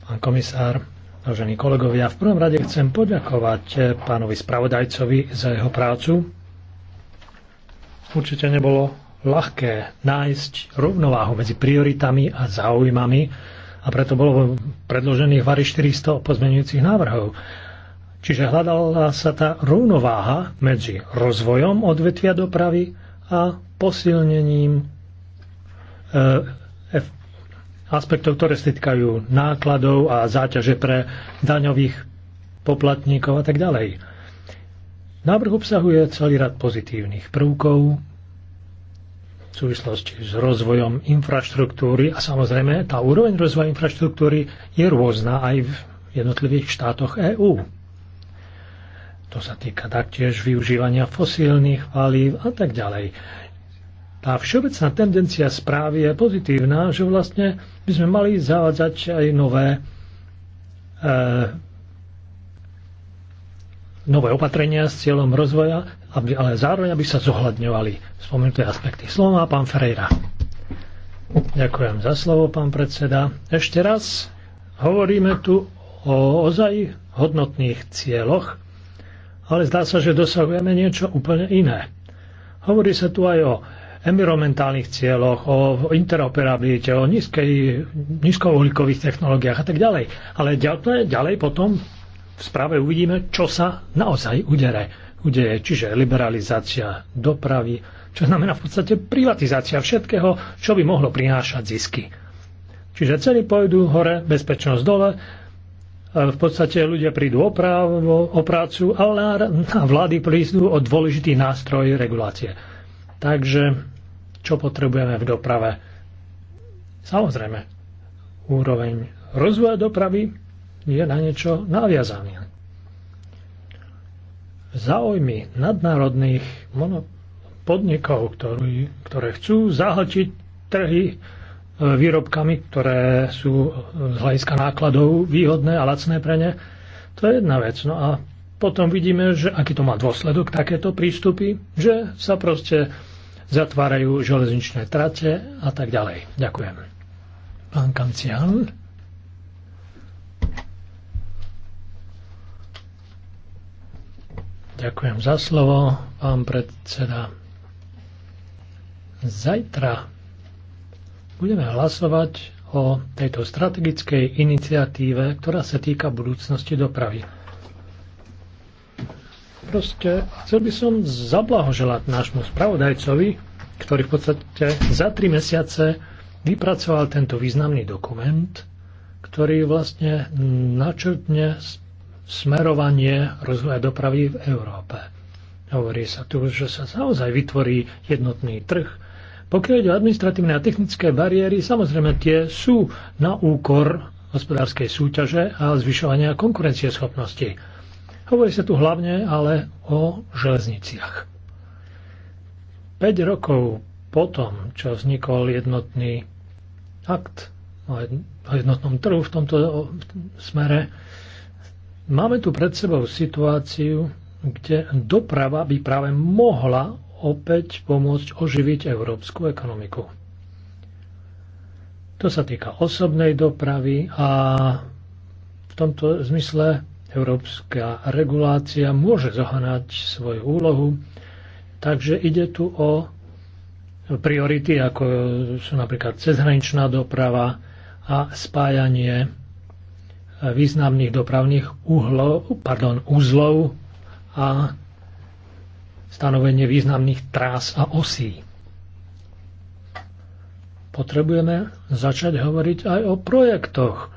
Pán komisár, vážení kolegovia, v prvom rade chcem poďakovať eh, pánovi spravodajcovi za jeho prácu. Určite nebolo ľahké nájsť rovnováhu medzi prioritami a záujmami a preto bolo predložených vari 400 pozmenujúcich návrhov. Čiže hľadala sa tá rovnováha medzi rozvojom odvetvia dopravy a posilnením e, aspektov, ktoré sa týkajú nákladov a záťaže pre daňových poplatníkov a tak ďalej. Návrh obsahuje celý rad pozitívnych prvkov v súvislosti s rozvojom infraštruktúry a samozrejme tá úroveň rozvoja infraštruktúry je rôzna aj v jednotlivých štátoch EÚ. To sa týka taktiež využívania fosílnych palív a tak ďalej. Tá všeobecná tendencia správy je pozitívna, že vlastne by sme mali zavádzať aj nové, e, nové opatrenia s cieľom rozvoja, aby, ale zároveň aby sa zohľadňovali spomenuté aspekty. Slovo má pán Ferreira. Ďakujem za slovo, pán predseda. Ešte raz hovoríme tu o ozaj hodnotných cieľoch, ale zdá sa, že dosahujeme niečo úplne iné. Hovorí sa tu aj o environmentálnych cieľoch, o interoperabilite, o nízkej, nízkouhlíkových technológiách a tak ďalej. Ale ďalej, ďalej potom v správe uvidíme, čo sa naozaj udere, udeje. Čiže liberalizácia dopravy, čo znamená v podstate privatizácia všetkého, čo by mohlo prinášať zisky. Čiže ceny pôjdu hore, bezpečnosť dole v podstate ľudia prídu o, právo, o prácu a vlády prídu o dôležitý nástroj regulácie. Takže čo potrebujeme v doprave? Samozrejme, úroveň rozvoja dopravy je na niečo naviazaný. Záujmy nadnárodných podnikov, ktorý, ktoré chcú zahlčiť trhy výrobkami, ktoré sú z hľadiska nákladov výhodné a lacné pre ne. To je jedna vec. No a potom vidíme, že aký to má dôsledok takéto prístupy, že sa proste zatvárajú železničné trate a tak ďalej. Ďakujem. Pán Kancián. Ďakujem za slovo, pán predseda. Zajtra Budeme hlasovať o tejto strategickej iniciatíve, ktorá sa týka budúcnosti dopravy. Proste chcel by som zablahoželať nášmu spravodajcovi, ktorý v podstate za tri mesiace vypracoval tento významný dokument, ktorý vlastne načrtne smerovanie rozvoja dopravy v Európe. Hovorí sa tu, že sa naozaj vytvorí jednotný trh, pokiaľ ide o administratívne a technické bariéry, samozrejme tie sú na úkor hospodárskej súťaže a zvyšovania konkurencieschopnosti. Hovorí sa tu hlavne ale o železniciach. 5 rokov potom, čo vznikol jednotný akt o jednotnom trhu v tomto smere, máme tu pred sebou situáciu, kde doprava by práve mohla opäť pomôcť oživiť európsku ekonomiku. To sa týka osobnej dopravy a v tomto zmysle európska regulácia môže zohnať svoju úlohu, takže ide tu o priority, ako sú napríklad cezhraničná doprava a spájanie významných dopravných uhlov, pardon, úzlov a stanovenie významných trás a osí. Potrebujeme začať hovoriť aj o projektoch,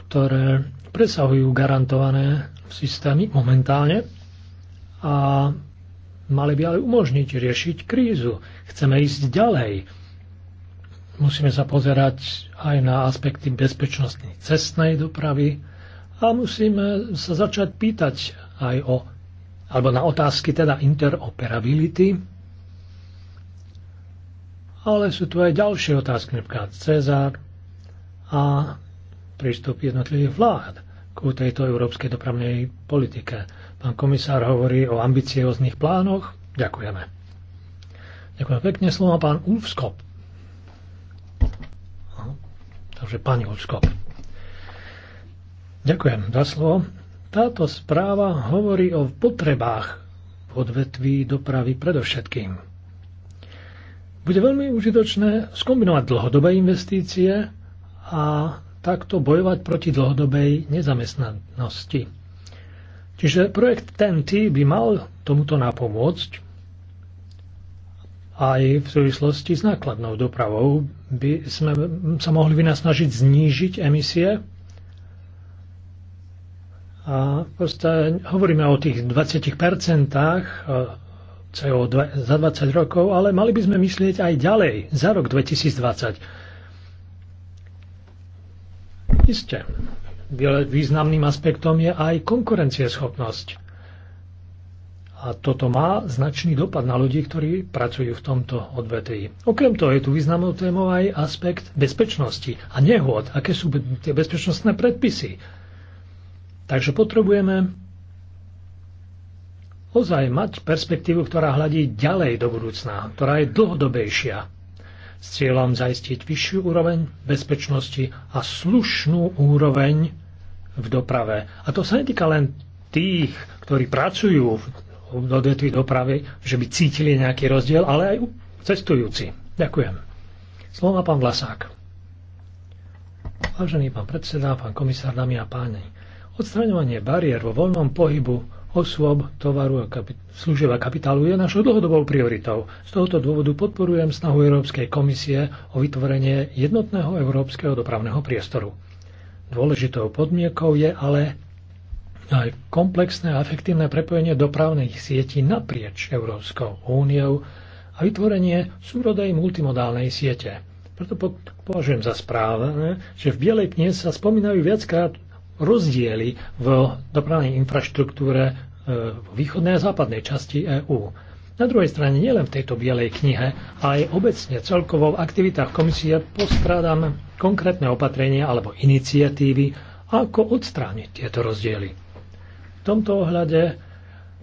ktoré presahujú garantované systémy momentálne a mali by ale umožniť riešiť krízu. Chceme ísť ďalej. Musíme sa pozerať aj na aspekty bezpečnosti cestnej dopravy a musíme sa začať pýtať aj o alebo na otázky teda interoperability. Ale sú tu aj ďalšie otázky, napríklad Cezar a prístup jednotlivých vlád ku tejto európskej dopravnej politike. Pán komisár hovorí o ambicióznych plánoch. Ďakujeme. Ďakujem pekne. Slovo pán Ulfskop. Takže pani Ulfskop. Ďakujem za slovo. Táto správa hovorí o potrebách v odvetví dopravy predovšetkým. Bude veľmi užitočné skombinovať dlhodobé investície a takto bojovať proti dlhodobej nezamestnanosti. Čiže projekt TNT by mal tomuto napomôcť aj v súvislosti s nákladnou dopravou by sme sa mohli vynasnažiť znížiť emisie a proste hovoríme o tých 20% CO2 za 20 rokov, ale mali by sme myslieť aj ďalej, za rok 2020. Isté. Významným aspektom je aj konkurencieschopnosť. A toto má značný dopad na ľudí, ktorí pracujú v tomto odvetví. Okrem toho je tu významnou témou aj aspekt bezpečnosti a nehôd, aké sú tie bezpečnostné predpisy Takže potrebujeme ozaj mať perspektívu, ktorá hľadí ďalej do budúcna, ktorá je dlhodobejšia, s cieľom zaistiť vyššiu úroveň bezpečnosti a slušnú úroveň v doprave. A to sa netýka len tých, ktorí pracujú v odvetví dopravy, že by cítili nejaký rozdiel, ale aj cestujúci. Ďakujem. Slovo má pán Vlasák. Vážený pán predseda, pán komisár, dámy a páni. Odstraňovanie bariér vo voľnom pohybu osôb, tovaru a služieb a kapitálu je našou dlhodobou prioritou. Z tohoto dôvodu podporujem snahu Európskej komisie o vytvorenie jednotného európskeho dopravného priestoru. Dôležitou podmienkou je ale aj komplexné a efektívne prepojenie dopravných sietí naprieč Európskou úniou a vytvorenie súrodej multimodálnej siete. Preto považujem za správne, že v Bielej knihe sa spomínajú viackrát rozdiely v dopravnej infraštruktúre e, v východnej a západnej časti EÚ. Na druhej strane nielen v tejto bielej knihe, ale aj obecne celkovo v aktivitách komisie postrádam konkrétne opatrenia alebo iniciatívy, ako odstrániť tieto rozdiely. V tomto ohľade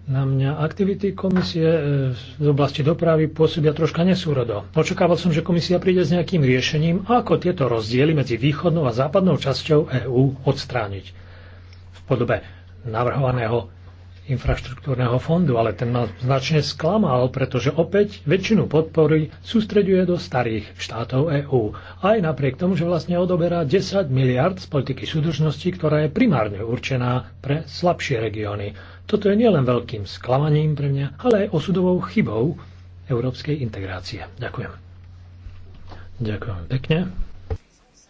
na mňa aktivity komisie e, z oblasti dopravy pôsobia troška nesúrodo. Očakával som, že komisia príde s nejakým riešením, ako tieto rozdiely medzi východnou a západnou časťou EÚ odstrániť. V podobe navrhovaného infraštruktúrneho fondu, ale ten ma značne sklamal, pretože opäť väčšinu podpory sústreďuje do starých štátov EÚ. Aj napriek tomu, že vlastne odoberá 10 miliard z politiky súdržnosti, ktorá je primárne určená pre slabšie regióny toto je nielen veľkým sklamaním pre mňa, ale aj osudovou chybou európskej integrácie. Ďakujem. Ďakujem pekne.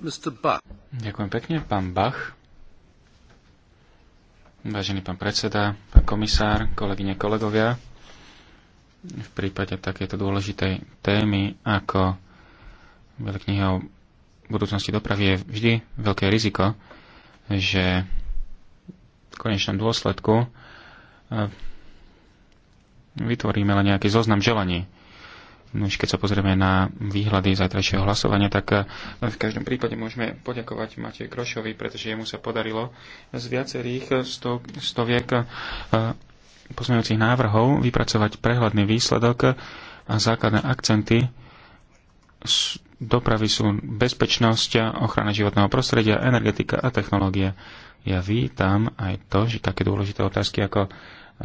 Mr. Bach. Ďakujem pekne, pán Bach. Vážený pán predseda, pán komisár, kolegyne, kolegovia, v prípade takéto dôležitej témy ako kniha o budúcnosti dopravy je vždy veľké riziko, že v konečnom dôsledku vytvoríme len nejaký zoznam želaní. už no, keď sa pozrieme na výhľady zajtrajšieho hlasovania, tak e, v každom prípade môžeme poďakovať Matej Grošovi, pretože jemu sa podarilo z viacerých sto, stoviek e, pozmeňujúcich návrhov vypracovať prehľadný výsledok a základné akcenty dopravy sú bezpečnosť, ochrana životného prostredia, energetika a technológie. Ja vítam aj to, že také dôležité otázky ako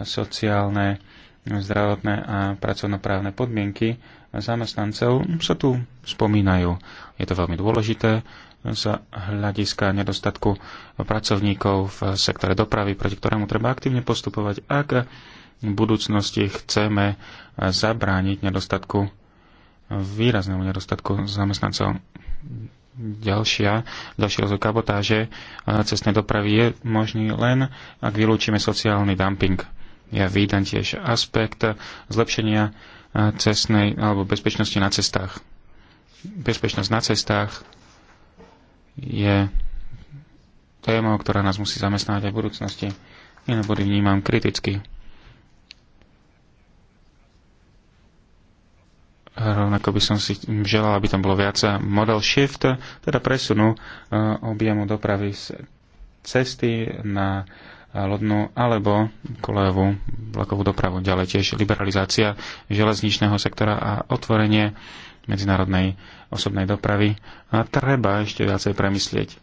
sociálne, zdravotné a pracovnoprávne podmienky zamestnancov sa tu spomínajú. Je to veľmi dôležité z hľadiska nedostatku pracovníkov v sektore dopravy, proti ktorému treba aktívne postupovať, ak v budúcnosti chceme zabrániť nedostatku, výraznému nedostatku zamestnancov ďalšia, ďalší rozvoj kabotáže e, cestnej dopravy je možný len, ak vylúčime sociálny dumping. Ja vítam tiež aspekt zlepšenia e, cestnej alebo bezpečnosti na cestách. Bezpečnosť na cestách je téma, ktorá nás musí zamestnávať aj v budúcnosti. Iné body vnímam kriticky. Rovnako by som si želal, aby tam bolo viac model shift, teda presunu e, objemu dopravy z cesty na e, lodnú alebo kolejovú vlakovú dopravu. Ďalej tiež liberalizácia železničného sektora a otvorenie medzinárodnej osobnej dopravy. A treba ešte viacej premyslieť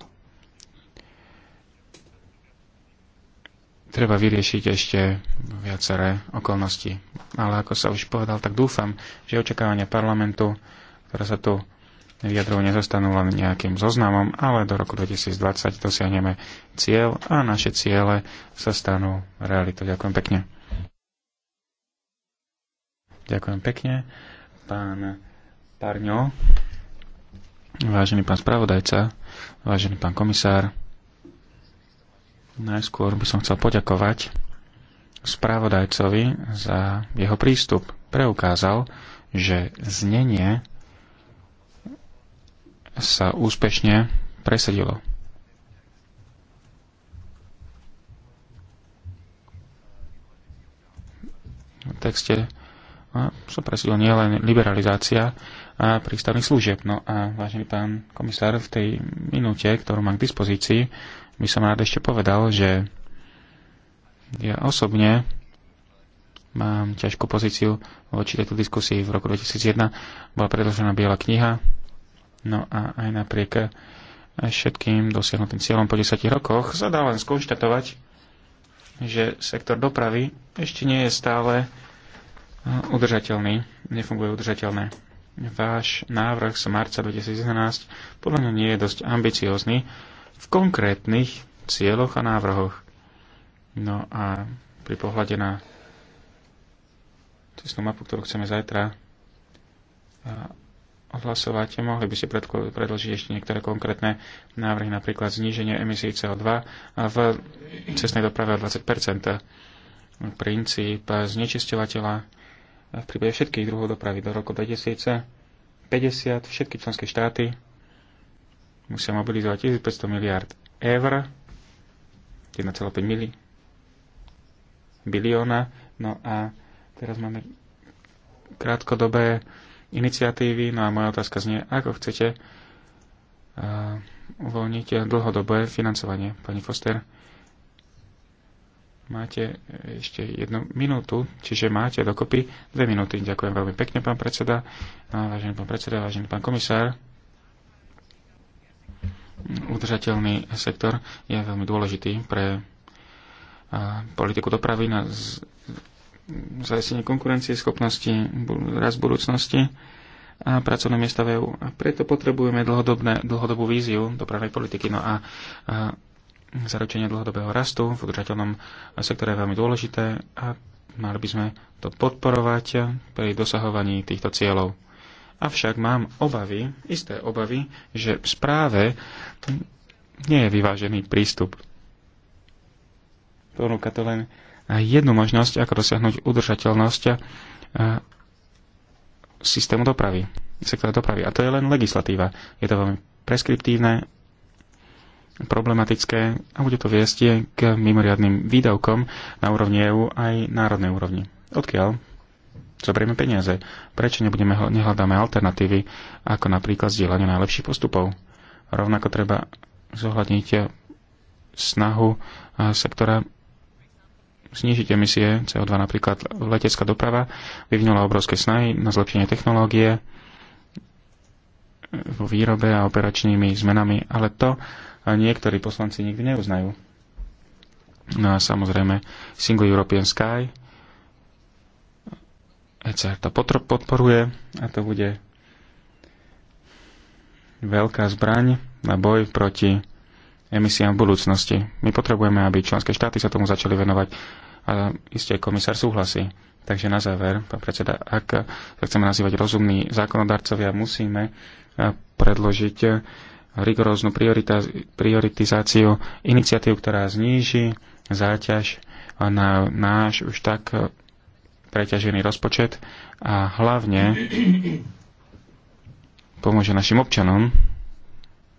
treba vyriešiť ešte viaceré okolnosti. Ale ako sa už povedal, tak dúfam, že očakávania parlamentu, ktoré sa tu vyjadrujú, nezostanú len nejakým zoznamom, ale do roku 2020 dosiahneme cieľ a naše ciele sa stanú realitou. Ďakujem pekne. Ďakujem pekne. Pán Parňo, vážený pán spravodajca, vážený pán komisár, Najskôr by som chcel poďakovať správodajcovi za jeho prístup. Preukázal, že znenie sa úspešne presedilo. V texte sa presedilo nielen liberalizácia a prístavných služieb. No a vážený pán komisár, v tej minúte, ktorú mám k dispozícii, by som rád ešte povedal, že ja osobne mám ťažkú pozíciu voči tejto diskusii. V roku 2001 bola predložená biela kniha, no a aj napriek všetkým dosiahnutým cieľom po 10 rokoch sa dá len skonštatovať, že sektor dopravy ešte nie je stále eh, udržateľný, nefunguje udržateľné. Váš návrh z marca 2011 podľa mňa nie je dosť ambiciózny v konkrétnych cieľoch a návrhoch. No a pri pohľade na cestnú mapu, ktorú chceme zajtra odhlasovať, mohli by ste predložiť ešte niektoré konkrétne návrhy, napríklad zníženie emisí CO2 v cestnej doprave o 20 princíp znečisťovateľa v prípade všetkých druhov dopravy do roku 2050 všetky členské štáty musia mobilizovať 1500 miliard eur, 1,5 mili, bilióna. No a teraz máme krátkodobé iniciatívy. No a moja otázka znie, ako chcete uh, uvoľniť dlhodobé financovanie. Pani Foster, máte ešte jednu minútu, čiže máte dokopy dve minúty. Ďakujem veľmi pekne, pán predseda, no, vážený pán predseda, vážený pán komisár udržateľný sektor je veľmi dôležitý pre politiku dopravy na zajistenie konkurencie, schopnosti, raz budúcnosti a pracovné miesta v EU. A preto potrebujeme dlhodobú víziu dopravnej politiky. No a, a zaručenie dlhodobého rastu v udržateľnom sektore je veľmi dôležité a mali by sme to podporovať pri dosahovaní týchto cieľov. Avšak mám obavy, isté obavy, že v správe nie je vyvážený prístup. Ponúka to len jednu možnosť, ako dosiahnuť udržateľnosť eh, systému dopravy, sektora dopravy. A to je len legislatíva. Je to veľmi preskriptívne, problematické a bude to viesť k mimoriadným výdavkom na úrovni EÚ aj národnej úrovni. Odkiaľ zoberieme peniaze? Prečo nebudeme, nehľadáme alternatívy, ako napríklad zdieľanie najlepších postupov? Rovnako treba zohľadniť snahu sektora znižiť emisie CO2. Napríklad letecká doprava vyvinula obrovské snahy na zlepšenie technológie vo výrobe a operačnými zmenami, ale to niektorí poslanci nikdy neuznajú. No a samozrejme Single European Sky ECR to podporuje a to bude veľká zbraň na boj proti emisiám v budúcnosti. My potrebujeme, aby členské štáty sa tomu začali venovať a isté komisár súhlasí. Takže na záver, pán predseda, ak sa chceme nazývať rozumní zákonodarcovia, musíme eh, predložiť eh, rigoróznu prioritizáciu iniciatív, ktorá zníži záťaž na náš už tak eh, preťažený rozpočet a hlavne pomôže našim občanom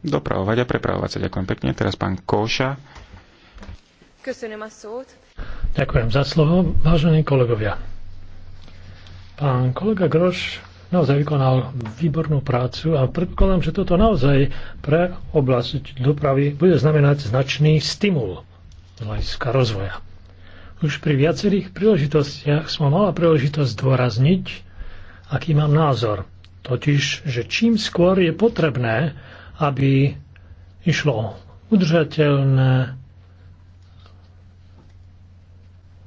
dopravovať a prepravovať sa. Ďakujem pekne. Teraz pán Koša. Ďakujem za slovo, vážení kolegovia. Pán kolega Groš naozaj vykonal výbornú prácu a predpokladám, že toto naozaj pre oblasť dopravy bude znamenať značný stimul z hľadiska rozvoja. Už pri viacerých príležitostiach som mala príležitosť zdôrazniť, aký mám názor. Totiž, že čím skôr je potrebné, aby išlo udržateľné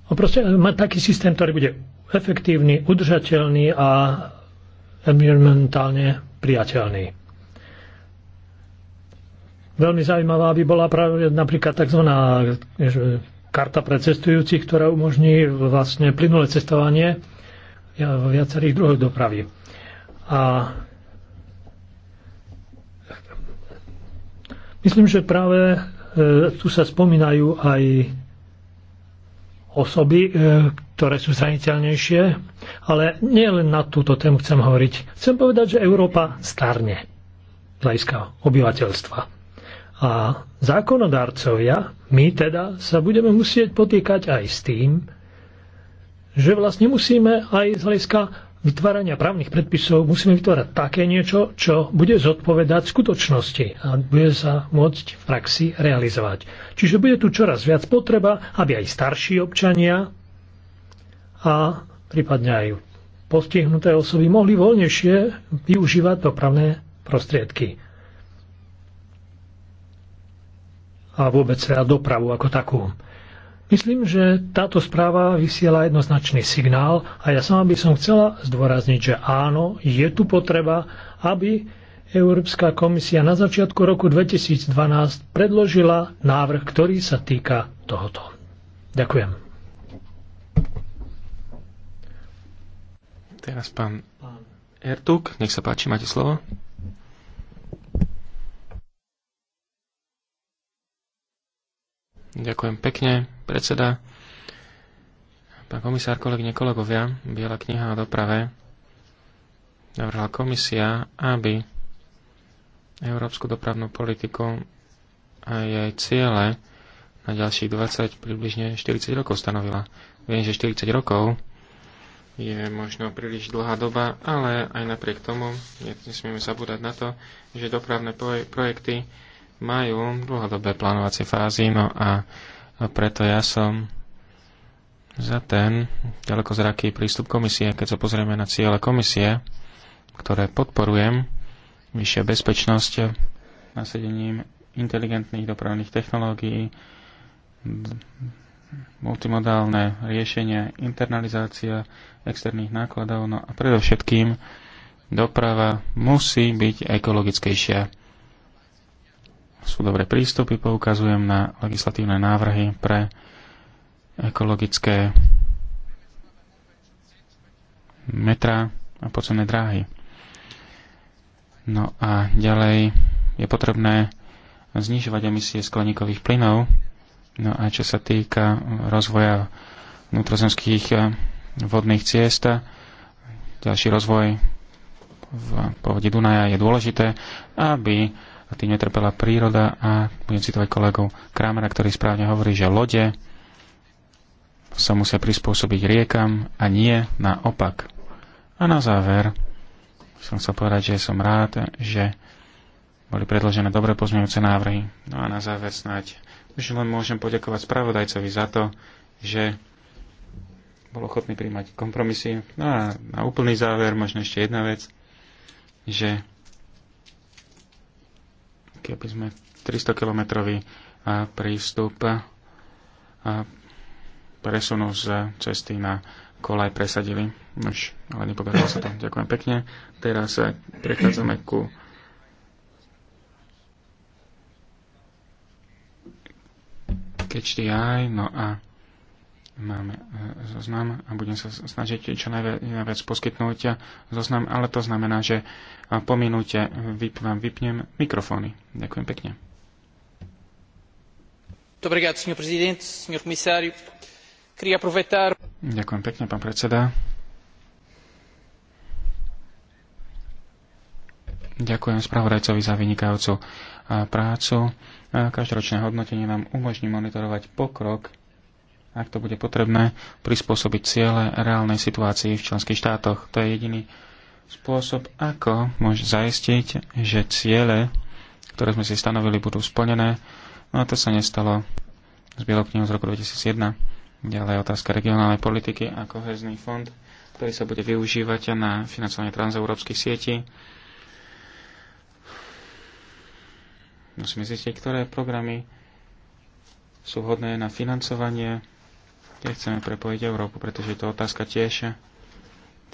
no proste e, mať taký systém, ktorý bude efektívny, udržateľný a environmentálne priateľný. Veľmi zaujímavá by bola práve napríklad tzv karta pre cestujúcich, ktorá umožní vlastne plynulé cestovanie v viacerých druhov dopravy. A myslím, že práve e, tu sa spomínajú aj osoby, e, ktoré sú zraniteľnejšie, ale nie len na túto tému chcem hovoriť. Chcem povedať, že Európa starne z hľadiska obyvateľstva. A zákonodárcovia, my teda sa budeme musieť potýkať aj s tým, že vlastne musíme aj z hľadiska vytvárania právnych predpisov musíme vytvárať také niečo, čo bude zodpovedať skutočnosti a bude sa môcť v praxi realizovať. Čiže bude tu čoraz viac potreba, aby aj starší občania a prípadne aj postihnuté osoby mohli voľnejšie využívať dopravné prostriedky. a vôbec a teda dopravu ako takú. Myslím, že táto správa vysiela jednoznačný signál a ja sama by som chcela zdôrazniť, že áno, je tu potreba, aby Európska komisia na začiatku roku 2012 predložila návrh, ktorý sa týka tohoto. Ďakujem. Teraz pán Ertuk, nech sa páči, máte slovo. Ďakujem pekne, predseda. Pán komisár, kolegyne, kolegovia, Biela kniha o doprave navrhla komisia, aby európsku dopravnú politiku a jej ciele na ďalších 20, približne 40 rokov stanovila. Viem, že 40 rokov je možno príliš dlhá doba, ale aj napriek tomu nesmieme zabúdať na to, že dopravné projekty majú dlhodobé plánovacie fázy, no a preto ja som za ten ďalekozraký prístup komisie. Keď sa pozrieme na ciele komisie, ktoré podporujem, vyššia bezpečnosť nasedením inteligentných dopravných technológií, multimodálne riešenia, internalizácia externých nákladov, no a predovšetkým doprava musí byť ekologickejšia sú dobré prístupy, poukazujem na legislatívne návrhy pre ekologické metra a podzemné dráhy. No a ďalej je potrebné znižovať emisie skleníkových plynov. No a čo sa týka rozvoja vnútrozemských eh, vodných ciest, ďalší rozvoj v povode Dunaja je dôležité, aby a tým netrpela príroda a budem citovať kolegov Kramera, ktorý správne hovorí, že lode sa musia prispôsobiť riekam a nie naopak. A na záver som sa povedať, že som rád, že boli predložené dobré pozmeňujúce návrhy. No a na záver snáď už len môžem poďakovať spravodajcovi za to, že bol ochotný príjmať kompromisy. No a na úplný záver možno ešte jedna vec, že keby sme 300-kilometrový prístup presunu z cesty na kolaj presadili. Už, ale nepodarilo sa to. Ďakujem pekne. Teraz prechádzame ku catch the eye, no a Máme e, zoznam a budem sa snažiť čo najviac poskytnúť zoznam, ale to znamená, že e, po minúte e, vyp, vám vypnem mikrofóny. Ďakujem pekne. Ďakujem pekne, pán predseda. Ďakujem spravodajcovi za vynikajúcu prácu. Každoročné hodnotenie nám umožní monitorovať pokrok ak to bude potrebné, prispôsobiť ciele reálnej situácii v členských štátoch. To je jediný spôsob, ako môže zaistiť, že ciele, ktoré sme si stanovili, budú splnené. No a to sa nestalo z Bielou z roku 2001. Ďalej otázka regionálnej politiky a kohezný fond, ktorý sa bude využívať na financovanie transeurópskych sietí. Musíme zistiť, ktoré programy sú hodné na financovanie kde chceme prepojiť Európu, pretože je to otázka tiež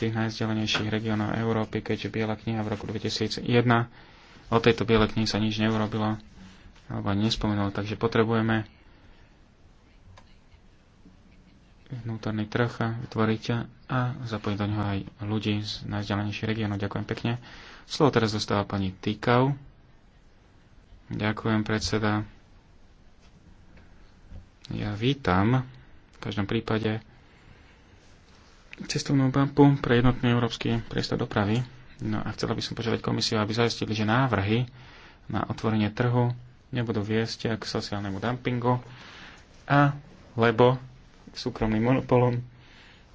tých najzdelenejších regiónov Európy, keďže Biela kniha v roku 2001 o tejto biele knihe sa nič neurobilo alebo ani nespomenulo, takže potrebujeme vnútorný trh vytvoriť a zapojiť do neho aj ľudí z najzdelenejších regiónov. Ďakujem pekne. Slovo teraz dostáva pani Týkau. Ďakujem, predseda. Ja vítam v každom prípade cestovnú mapu pre jednotný európsky priestor dopravy. No a chcela by som požiadať komisiu, aby zaistili, že návrhy na otvorenie trhu nebudú viesť k sociálnemu dumpingu a lebo súkromným monopolom,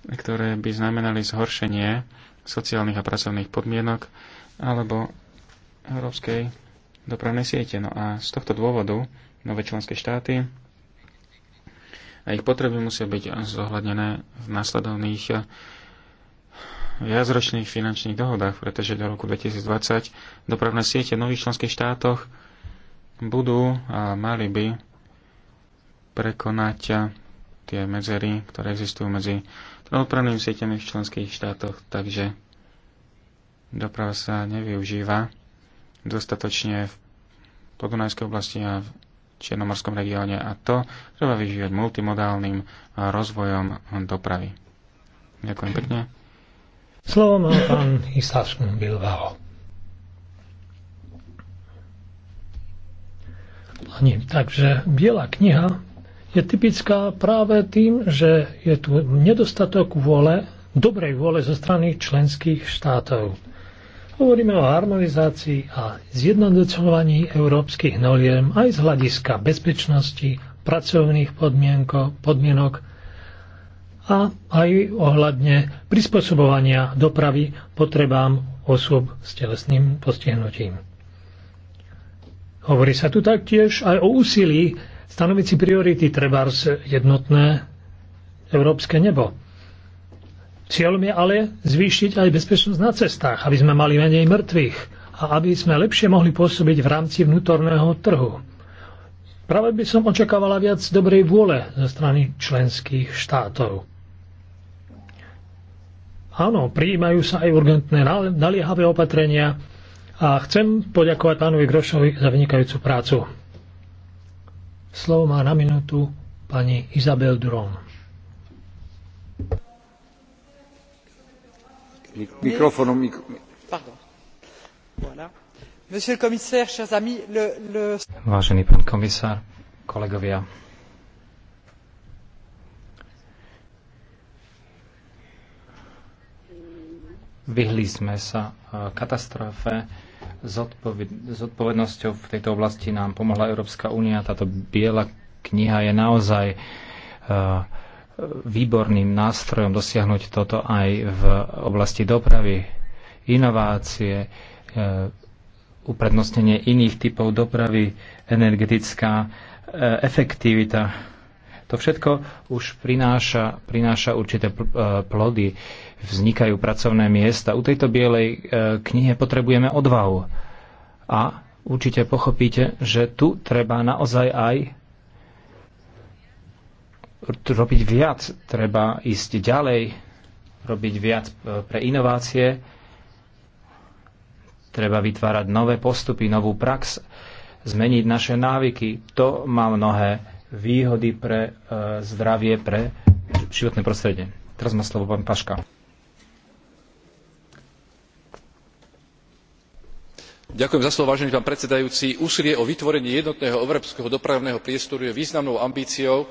ktoré by znamenali zhoršenie sociálnych a pracovných podmienok alebo európskej dopravnej siete. No a z tohto dôvodu nové členské štáty a ich potreby musia byť zohľadnené v následovných eh, viacročných finančných dohodách, pretože do roku 2020 dopravné siete v nových členských štátoch budú a mali by prekonať eh, tie medzery, ktoré existujú medzi dopravnými sieťami v členských štátoch, takže doprava sa nevyužíva dostatočne v podunajskej oblasti a v Černomorskom regióne a to treba vyžívať multimodálnym rozvojom dopravy. Ďakujem pekne. Slovo má pán Isavský Bilbao. Ani, takže Biela kniha je typická práve tým, že je tu nedostatok vôle, dobrej vôle zo strany členských štátov Hovoríme o harmonizácii a zjednodušovaní európskych noriem aj z hľadiska bezpečnosti, pracovných podmienok a aj ohľadne prispôsobovania dopravy potrebám osôb s telesným postihnutím. Hovorí sa tu taktiež aj o úsilí stanoviť si priority trebárs jednotné európske nebo. Cieľom je ale zvýšiť aj bezpečnosť na cestách, aby sme mali menej mŕtvych a aby sme lepšie mohli pôsobiť v rámci vnútorného trhu. Práve by som očakávala viac dobrej vôle zo strany členských štátov. Áno, prijímajú sa aj urgentné naliehavé opatrenia a chcem poďakovať pánovi Grošovi za vynikajúcu prácu. Slovo má na minútu pani Isabel Duron. vážený pán komisár kolegovia vyhli sme sa e, katastrofe zodpovednosťou v tejto oblasti nám pomohla Európska únia. Táto biela kniha je naozaj uh, výborným nástrojom dosiahnuť toto aj v oblasti dopravy, inovácie, e, uprednostnenie iných typov dopravy, energetická e, efektivita. To všetko už prináša, prináša určité e, plody, vznikajú pracovné miesta. U tejto bielej knihe potrebujeme odvahu. A určite pochopíte, že tu treba naozaj aj robiť viac, treba ísť ďalej, robiť viac e, pre inovácie, treba vytvárať nové postupy, novú prax, zmeniť naše návyky. To má mnohé výhody pre e, zdravie, pre životné prostredie. Teraz má slovo pán Paška. Ďakujem za pán predsedajúci. úsilie o vytvorenie jednotného európskeho dopravného priestoru je významnou ambíciou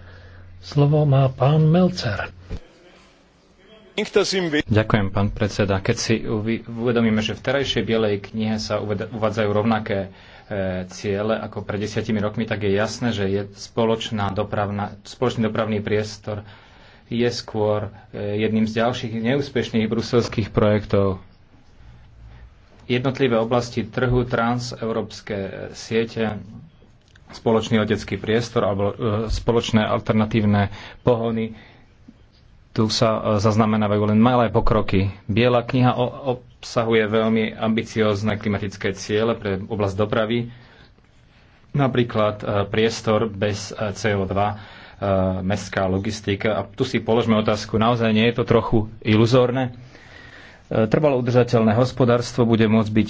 Slovo má pán Melcer. Ďakujem, pán predseda. Keď si uvedomíme, že v terajšej Bielej knihe sa uvádzajú rovnaké e, ciele ako pred desiatimi rokmi, tak je jasné, že je spoločná dopravná, spoločný dopravný priestor je skôr e, jedným z ďalších neúspešných bruselských projektov. Jednotlivé oblasti trhu, transeurópske e, siete, spoločný otecký priestor alebo e, spoločné alternatívne pohony. Tu sa e, zaznamenávajú len malé pokroky. Biela kniha obsahuje veľmi ambiciózne klimatické ciele pre oblasť dopravy, napríklad e, priestor bez CO2, mestská logistika. A tu si položme otázku, naozaj nie je to trochu iluzórne? Trvalo udržateľné hospodárstvo bude môcť byť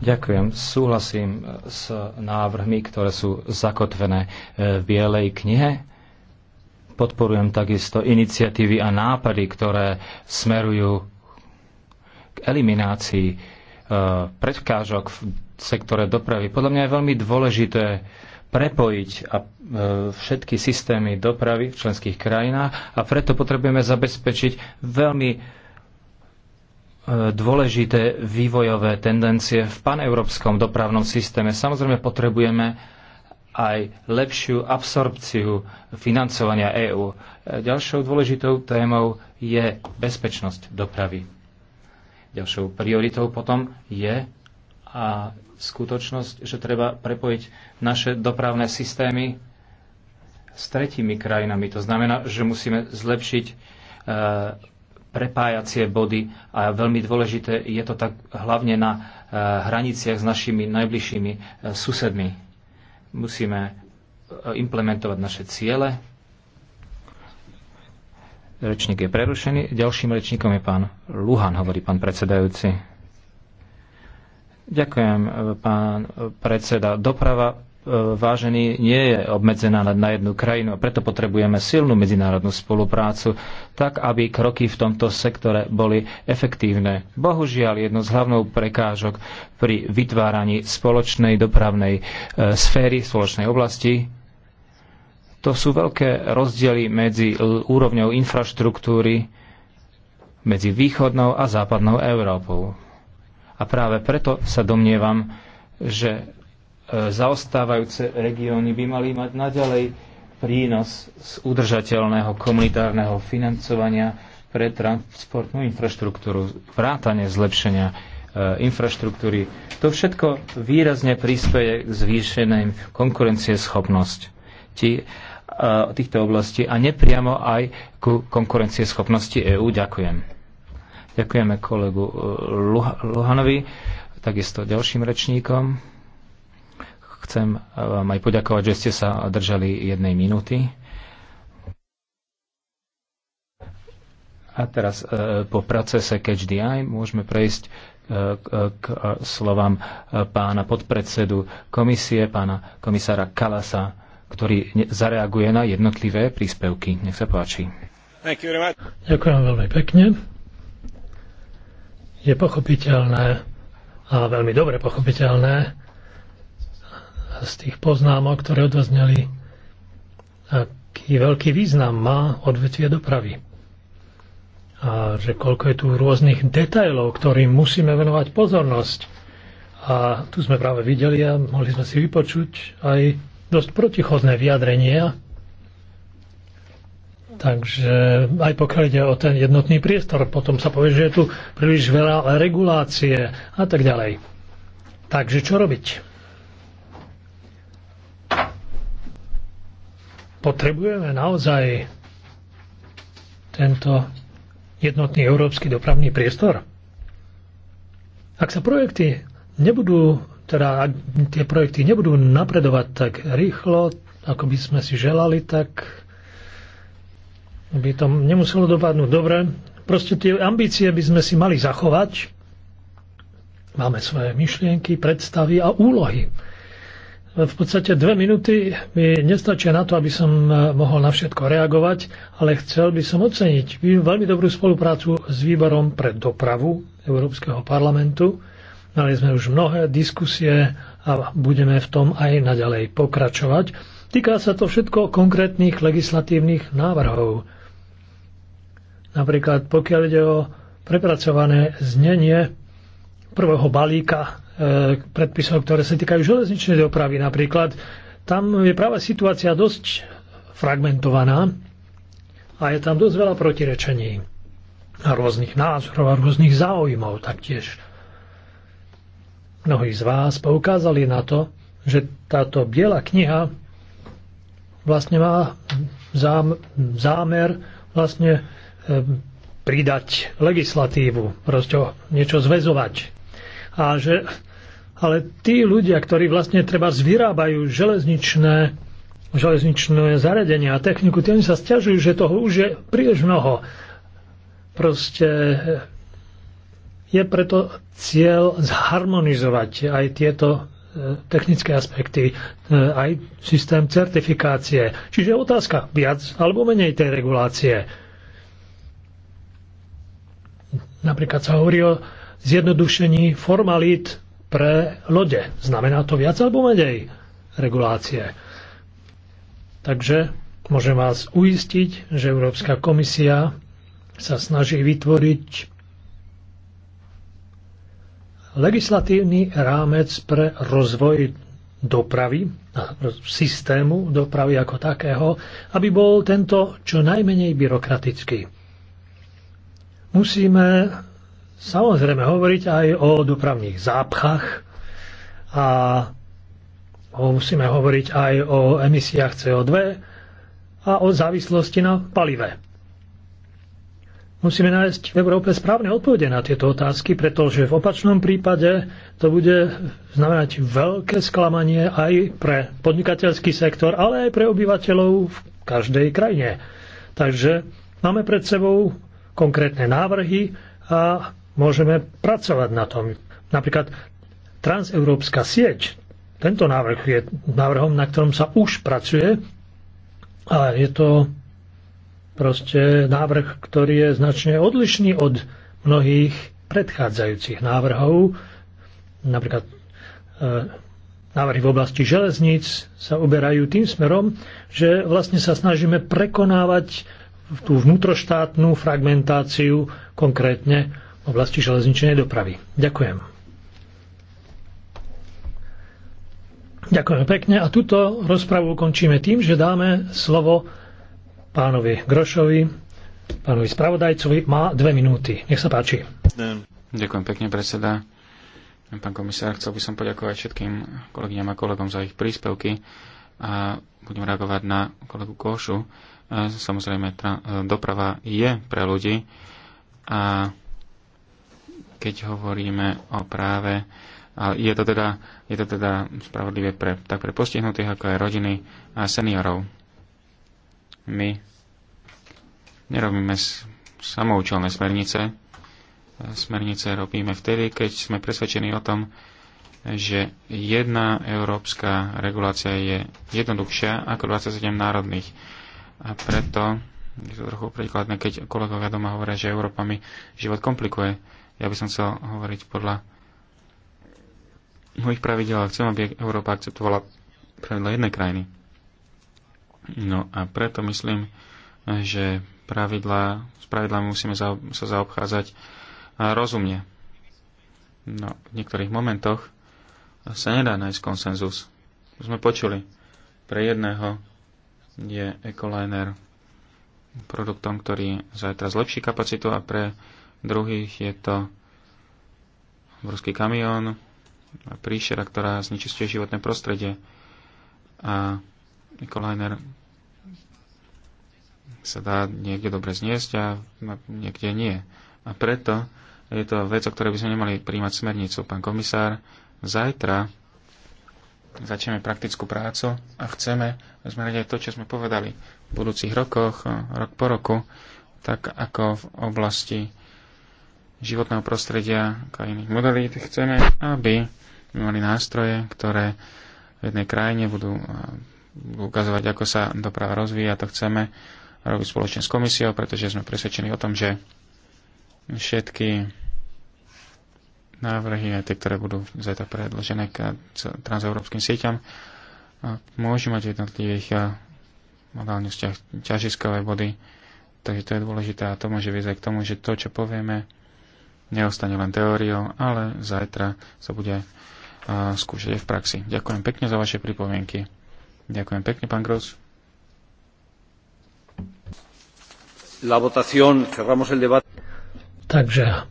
Ďakujem. Súhlasím e, s návrhmi, ktoré sú zakotvené e, v Bielej knihe. Podporujem takisto iniciatívy a nápady, ktoré smerujú k eliminácii e, predkážok v sektore dopravy. Podľa mňa je veľmi dôležité prepojiť a, všetky systémy dopravy v členských krajinách a preto potrebujeme zabezpečiť veľmi dôležité vývojové tendencie v paneurópskom dopravnom systéme. Samozrejme potrebujeme aj lepšiu absorpciu financovania EÚ. Ďalšou dôležitou témou je bezpečnosť dopravy. Ďalšou prioritou potom je a skutočnosť, že treba prepojiť naše dopravné systémy s tretími krajinami. To znamená, že musíme zlepšiť eh, prepájacie body a veľmi dôležité je to tak hlavne na eh, hraniciach s našimi najbližšími eh, susedmi. Musíme eh, implementovať naše ciele. Rečník je prerušený. Ďalším rečníkom je pán Luhan, hovorí pán predsedajúci. Ďakujem, pán predseda. Doprava E, vážený, nie je obmedzená len na jednu krajinu a preto potrebujeme silnú medzinárodnú spoluprácu, tak aby kroky v tomto sektore boli efektívne. Bohužiaľ, jedno z hlavnou prekážok pri vytváraní spoločnej dopravnej e, sféry, spoločnej oblasti, to sú veľké rozdiely medzi úrovňou infraštruktúry medzi východnou a západnou Európou. A práve preto sa domnievam, že E, zaostávajúce regióny by mali mať naďalej prínos z udržateľného komunitárneho financovania pre transportnú infraštruktúru, vrátanie zlepšenia e, infraštruktúry. To všetko výrazne prispieje k zvýšenej konkurencieschopnosti e, týchto oblastí a nepriamo aj ku konkurencieschopnosti EÚ. Ďakujem. Ďakujeme kolegu Luhanovi, takisto ďalším rečníkom. Chcem eh, vám aj poďakovať, že ste sa držali jednej minúty. A teraz eh, po procese Catch the Eye môžeme prejsť eh, k slovám pána podpredsedu komisie, pána komisára Kalasa, ktorý zareaguje na jednotlivé príspevky. Nech sa páči. Ďakujem veľmi pekne. Je pochopiteľné a veľmi dobre pochopiteľné, z tých poznámok, ktoré odozneli, aký veľký význam má odvetvie dopravy. A že koľko je tu rôznych detajlov, ktorým musíme venovať pozornosť. A tu sme práve videli a mohli sme si vypočuť aj dosť protichodné vyjadrenia. Takže aj pokiaľ ide o ten jednotný priestor, potom sa povie, že je tu príliš veľa regulácie a tak ďalej. Takže čo robiť? Potrebujeme naozaj tento jednotný európsky dopravný priestor? Ak sa projekty nebudú, teda tie projekty nebudú napredovať tak rýchlo, ako by sme si želali, tak by to nemuselo dopadnúť dobre. Proste tie ambície by sme si mali zachovať. Máme svoje myšlienky, predstavy a úlohy. V podstate dve minúty mi nestačia na to, aby som eh, mohol na všetko reagovať, ale chcel by som oceniť veľmi dobrú spoluprácu s výborom pre dopravu Európskeho parlamentu. Mali sme už mnohé diskusie a budeme v tom aj naďalej pokračovať. Týka sa to všetko konkrétnych legislatívnych návrhov. Napríklad pokiaľ ide o prepracované znenie prvého balíka Eh, predpisov, ktoré sa týkajú železničnej dopravy napríklad. Tam je práve situácia dosť fragmentovaná a je tam dosť veľa protirečení a rôznych názorov a rôznych záujmov taktiež. Mnohí z vás poukázali na to, že táto biela kniha vlastne má zámer vlastne eh, pridať legislatívu, proste niečo zväzovať a že, ale tí ľudia, ktorí vlastne treba zvyrábajú železničné, železničné zariadenia a techniku, oni sa stiažujú, že toho už je príliš mnoho. Proste je preto cieľ zharmonizovať aj tieto e, technické aspekty, e, aj systém certifikácie. Čiže otázka viac alebo menej tej regulácie. Napríklad sa hovorí o zjednodušení formalít pre lode. Znamená to viac alebo menej regulácie. Takže môžem vás uistiť, že Európska komisia sa snaží vytvoriť legislatívny rámec pre rozvoj dopravy systému dopravy ako takého, aby bol tento čo najmenej byrokratický. Musíme samozrejme hovoriť aj o dopravných zápchách a musíme hovoriť aj o emisiách CO2 a o závislosti na palive. Musíme nájsť v Európe správne odpovede na tieto otázky, pretože v opačnom prípade to bude znamenať veľké sklamanie aj pre podnikateľský sektor, ale aj pre obyvateľov v každej krajine. Takže máme pred sebou konkrétne návrhy a môžeme pracovať na tom. Napríklad transeurópska sieť, tento návrh je návrhom, na ktorom sa už pracuje a je to proste návrh, ktorý je značne odlišný od mnohých predchádzajúcich návrhov. Napríklad e, návrhy v oblasti železníc sa uberajú tým smerom, že vlastne sa snažíme prekonávať tú vnútroštátnu fragmentáciu konkrétne v oblasti železničnej dopravy. Ďakujem. Ďakujeme pekne a túto rozpravu ukončíme tým, že dáme slovo pánovi Grošovi, pánovi spravodajcovi. Má dve minúty. Nech sa páči. Ďakujem pekne, predseda. Pán komisár, chcel by som poďakovať všetkým kolegyňam a kolegom za ich príspevky a budem reagovať na kolegu Košu. E, samozrejme, e, doprava je pre ľudí a keď hovoríme o práve, ale je to teda, je to teda spravodlivé pre, tak pre postihnutých, ako aj rodiny a seniorov. My nerobíme samoučelné smernice. Smernice robíme vtedy, keď sme presvedčení o tom, že jedna európska regulácia je jednoduchšia ako 27 národných. A preto je to trochu príkladné, keď kolegovia doma hovoria, že Európa mi život komplikuje. Ja by som chcel hovoriť podľa mojich pravidel a chcem, aby Európa akceptovala pravidla jednej krajiny. No a preto myslím, že pravidla, s pravidlami musíme za, sa zaobchádzať e, rozumne. No, v niektorých momentoch sa nedá nájsť konsenzus. Sme počuli, pre jedného je Ecoliner produktom, ktorý zajtra zlepší kapacitu a pre druhých je to obrovský kamión, príšera, ktorá zničistuje životné prostredie a Nikolajner. sa dá niekde dobre zniesť a niekde nie. A preto je to vec, o ktorej by sme nemali príjmať smernicu. Pán komisár, zajtra začneme praktickú prácu a chceme zmerať aj to, čo sme povedali v budúcich rokoch, rok po roku, tak ako v oblasti životného prostredia, ako aj iných modalít, chceme, aby mali nástroje, ktoré v jednej krajine budú ukazovať, ako sa doprava rozvíja. To chceme robiť spoločne s komisiou, pretože sme presvedčení o tom, že všetky návrhy, aj tie, ktoré budú zajtra predložené k transeurópskym sieťam, môžu mať v jednotlivých modálnych ťažiskové body. Takže to je dôležité a to môže viesť aj k tomu, že to, čo povieme, neostane len teóriou, ale zajtra sa bude skúšať aj v praxi. Ďakujem pekne za vaše pripomienky. Ďakujem pekne, pán Gross. La votación, cerramos el debate. Takže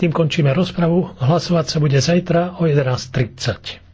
tým končíme rozpravu. Hlasovať sa bude zajtra o 11.30.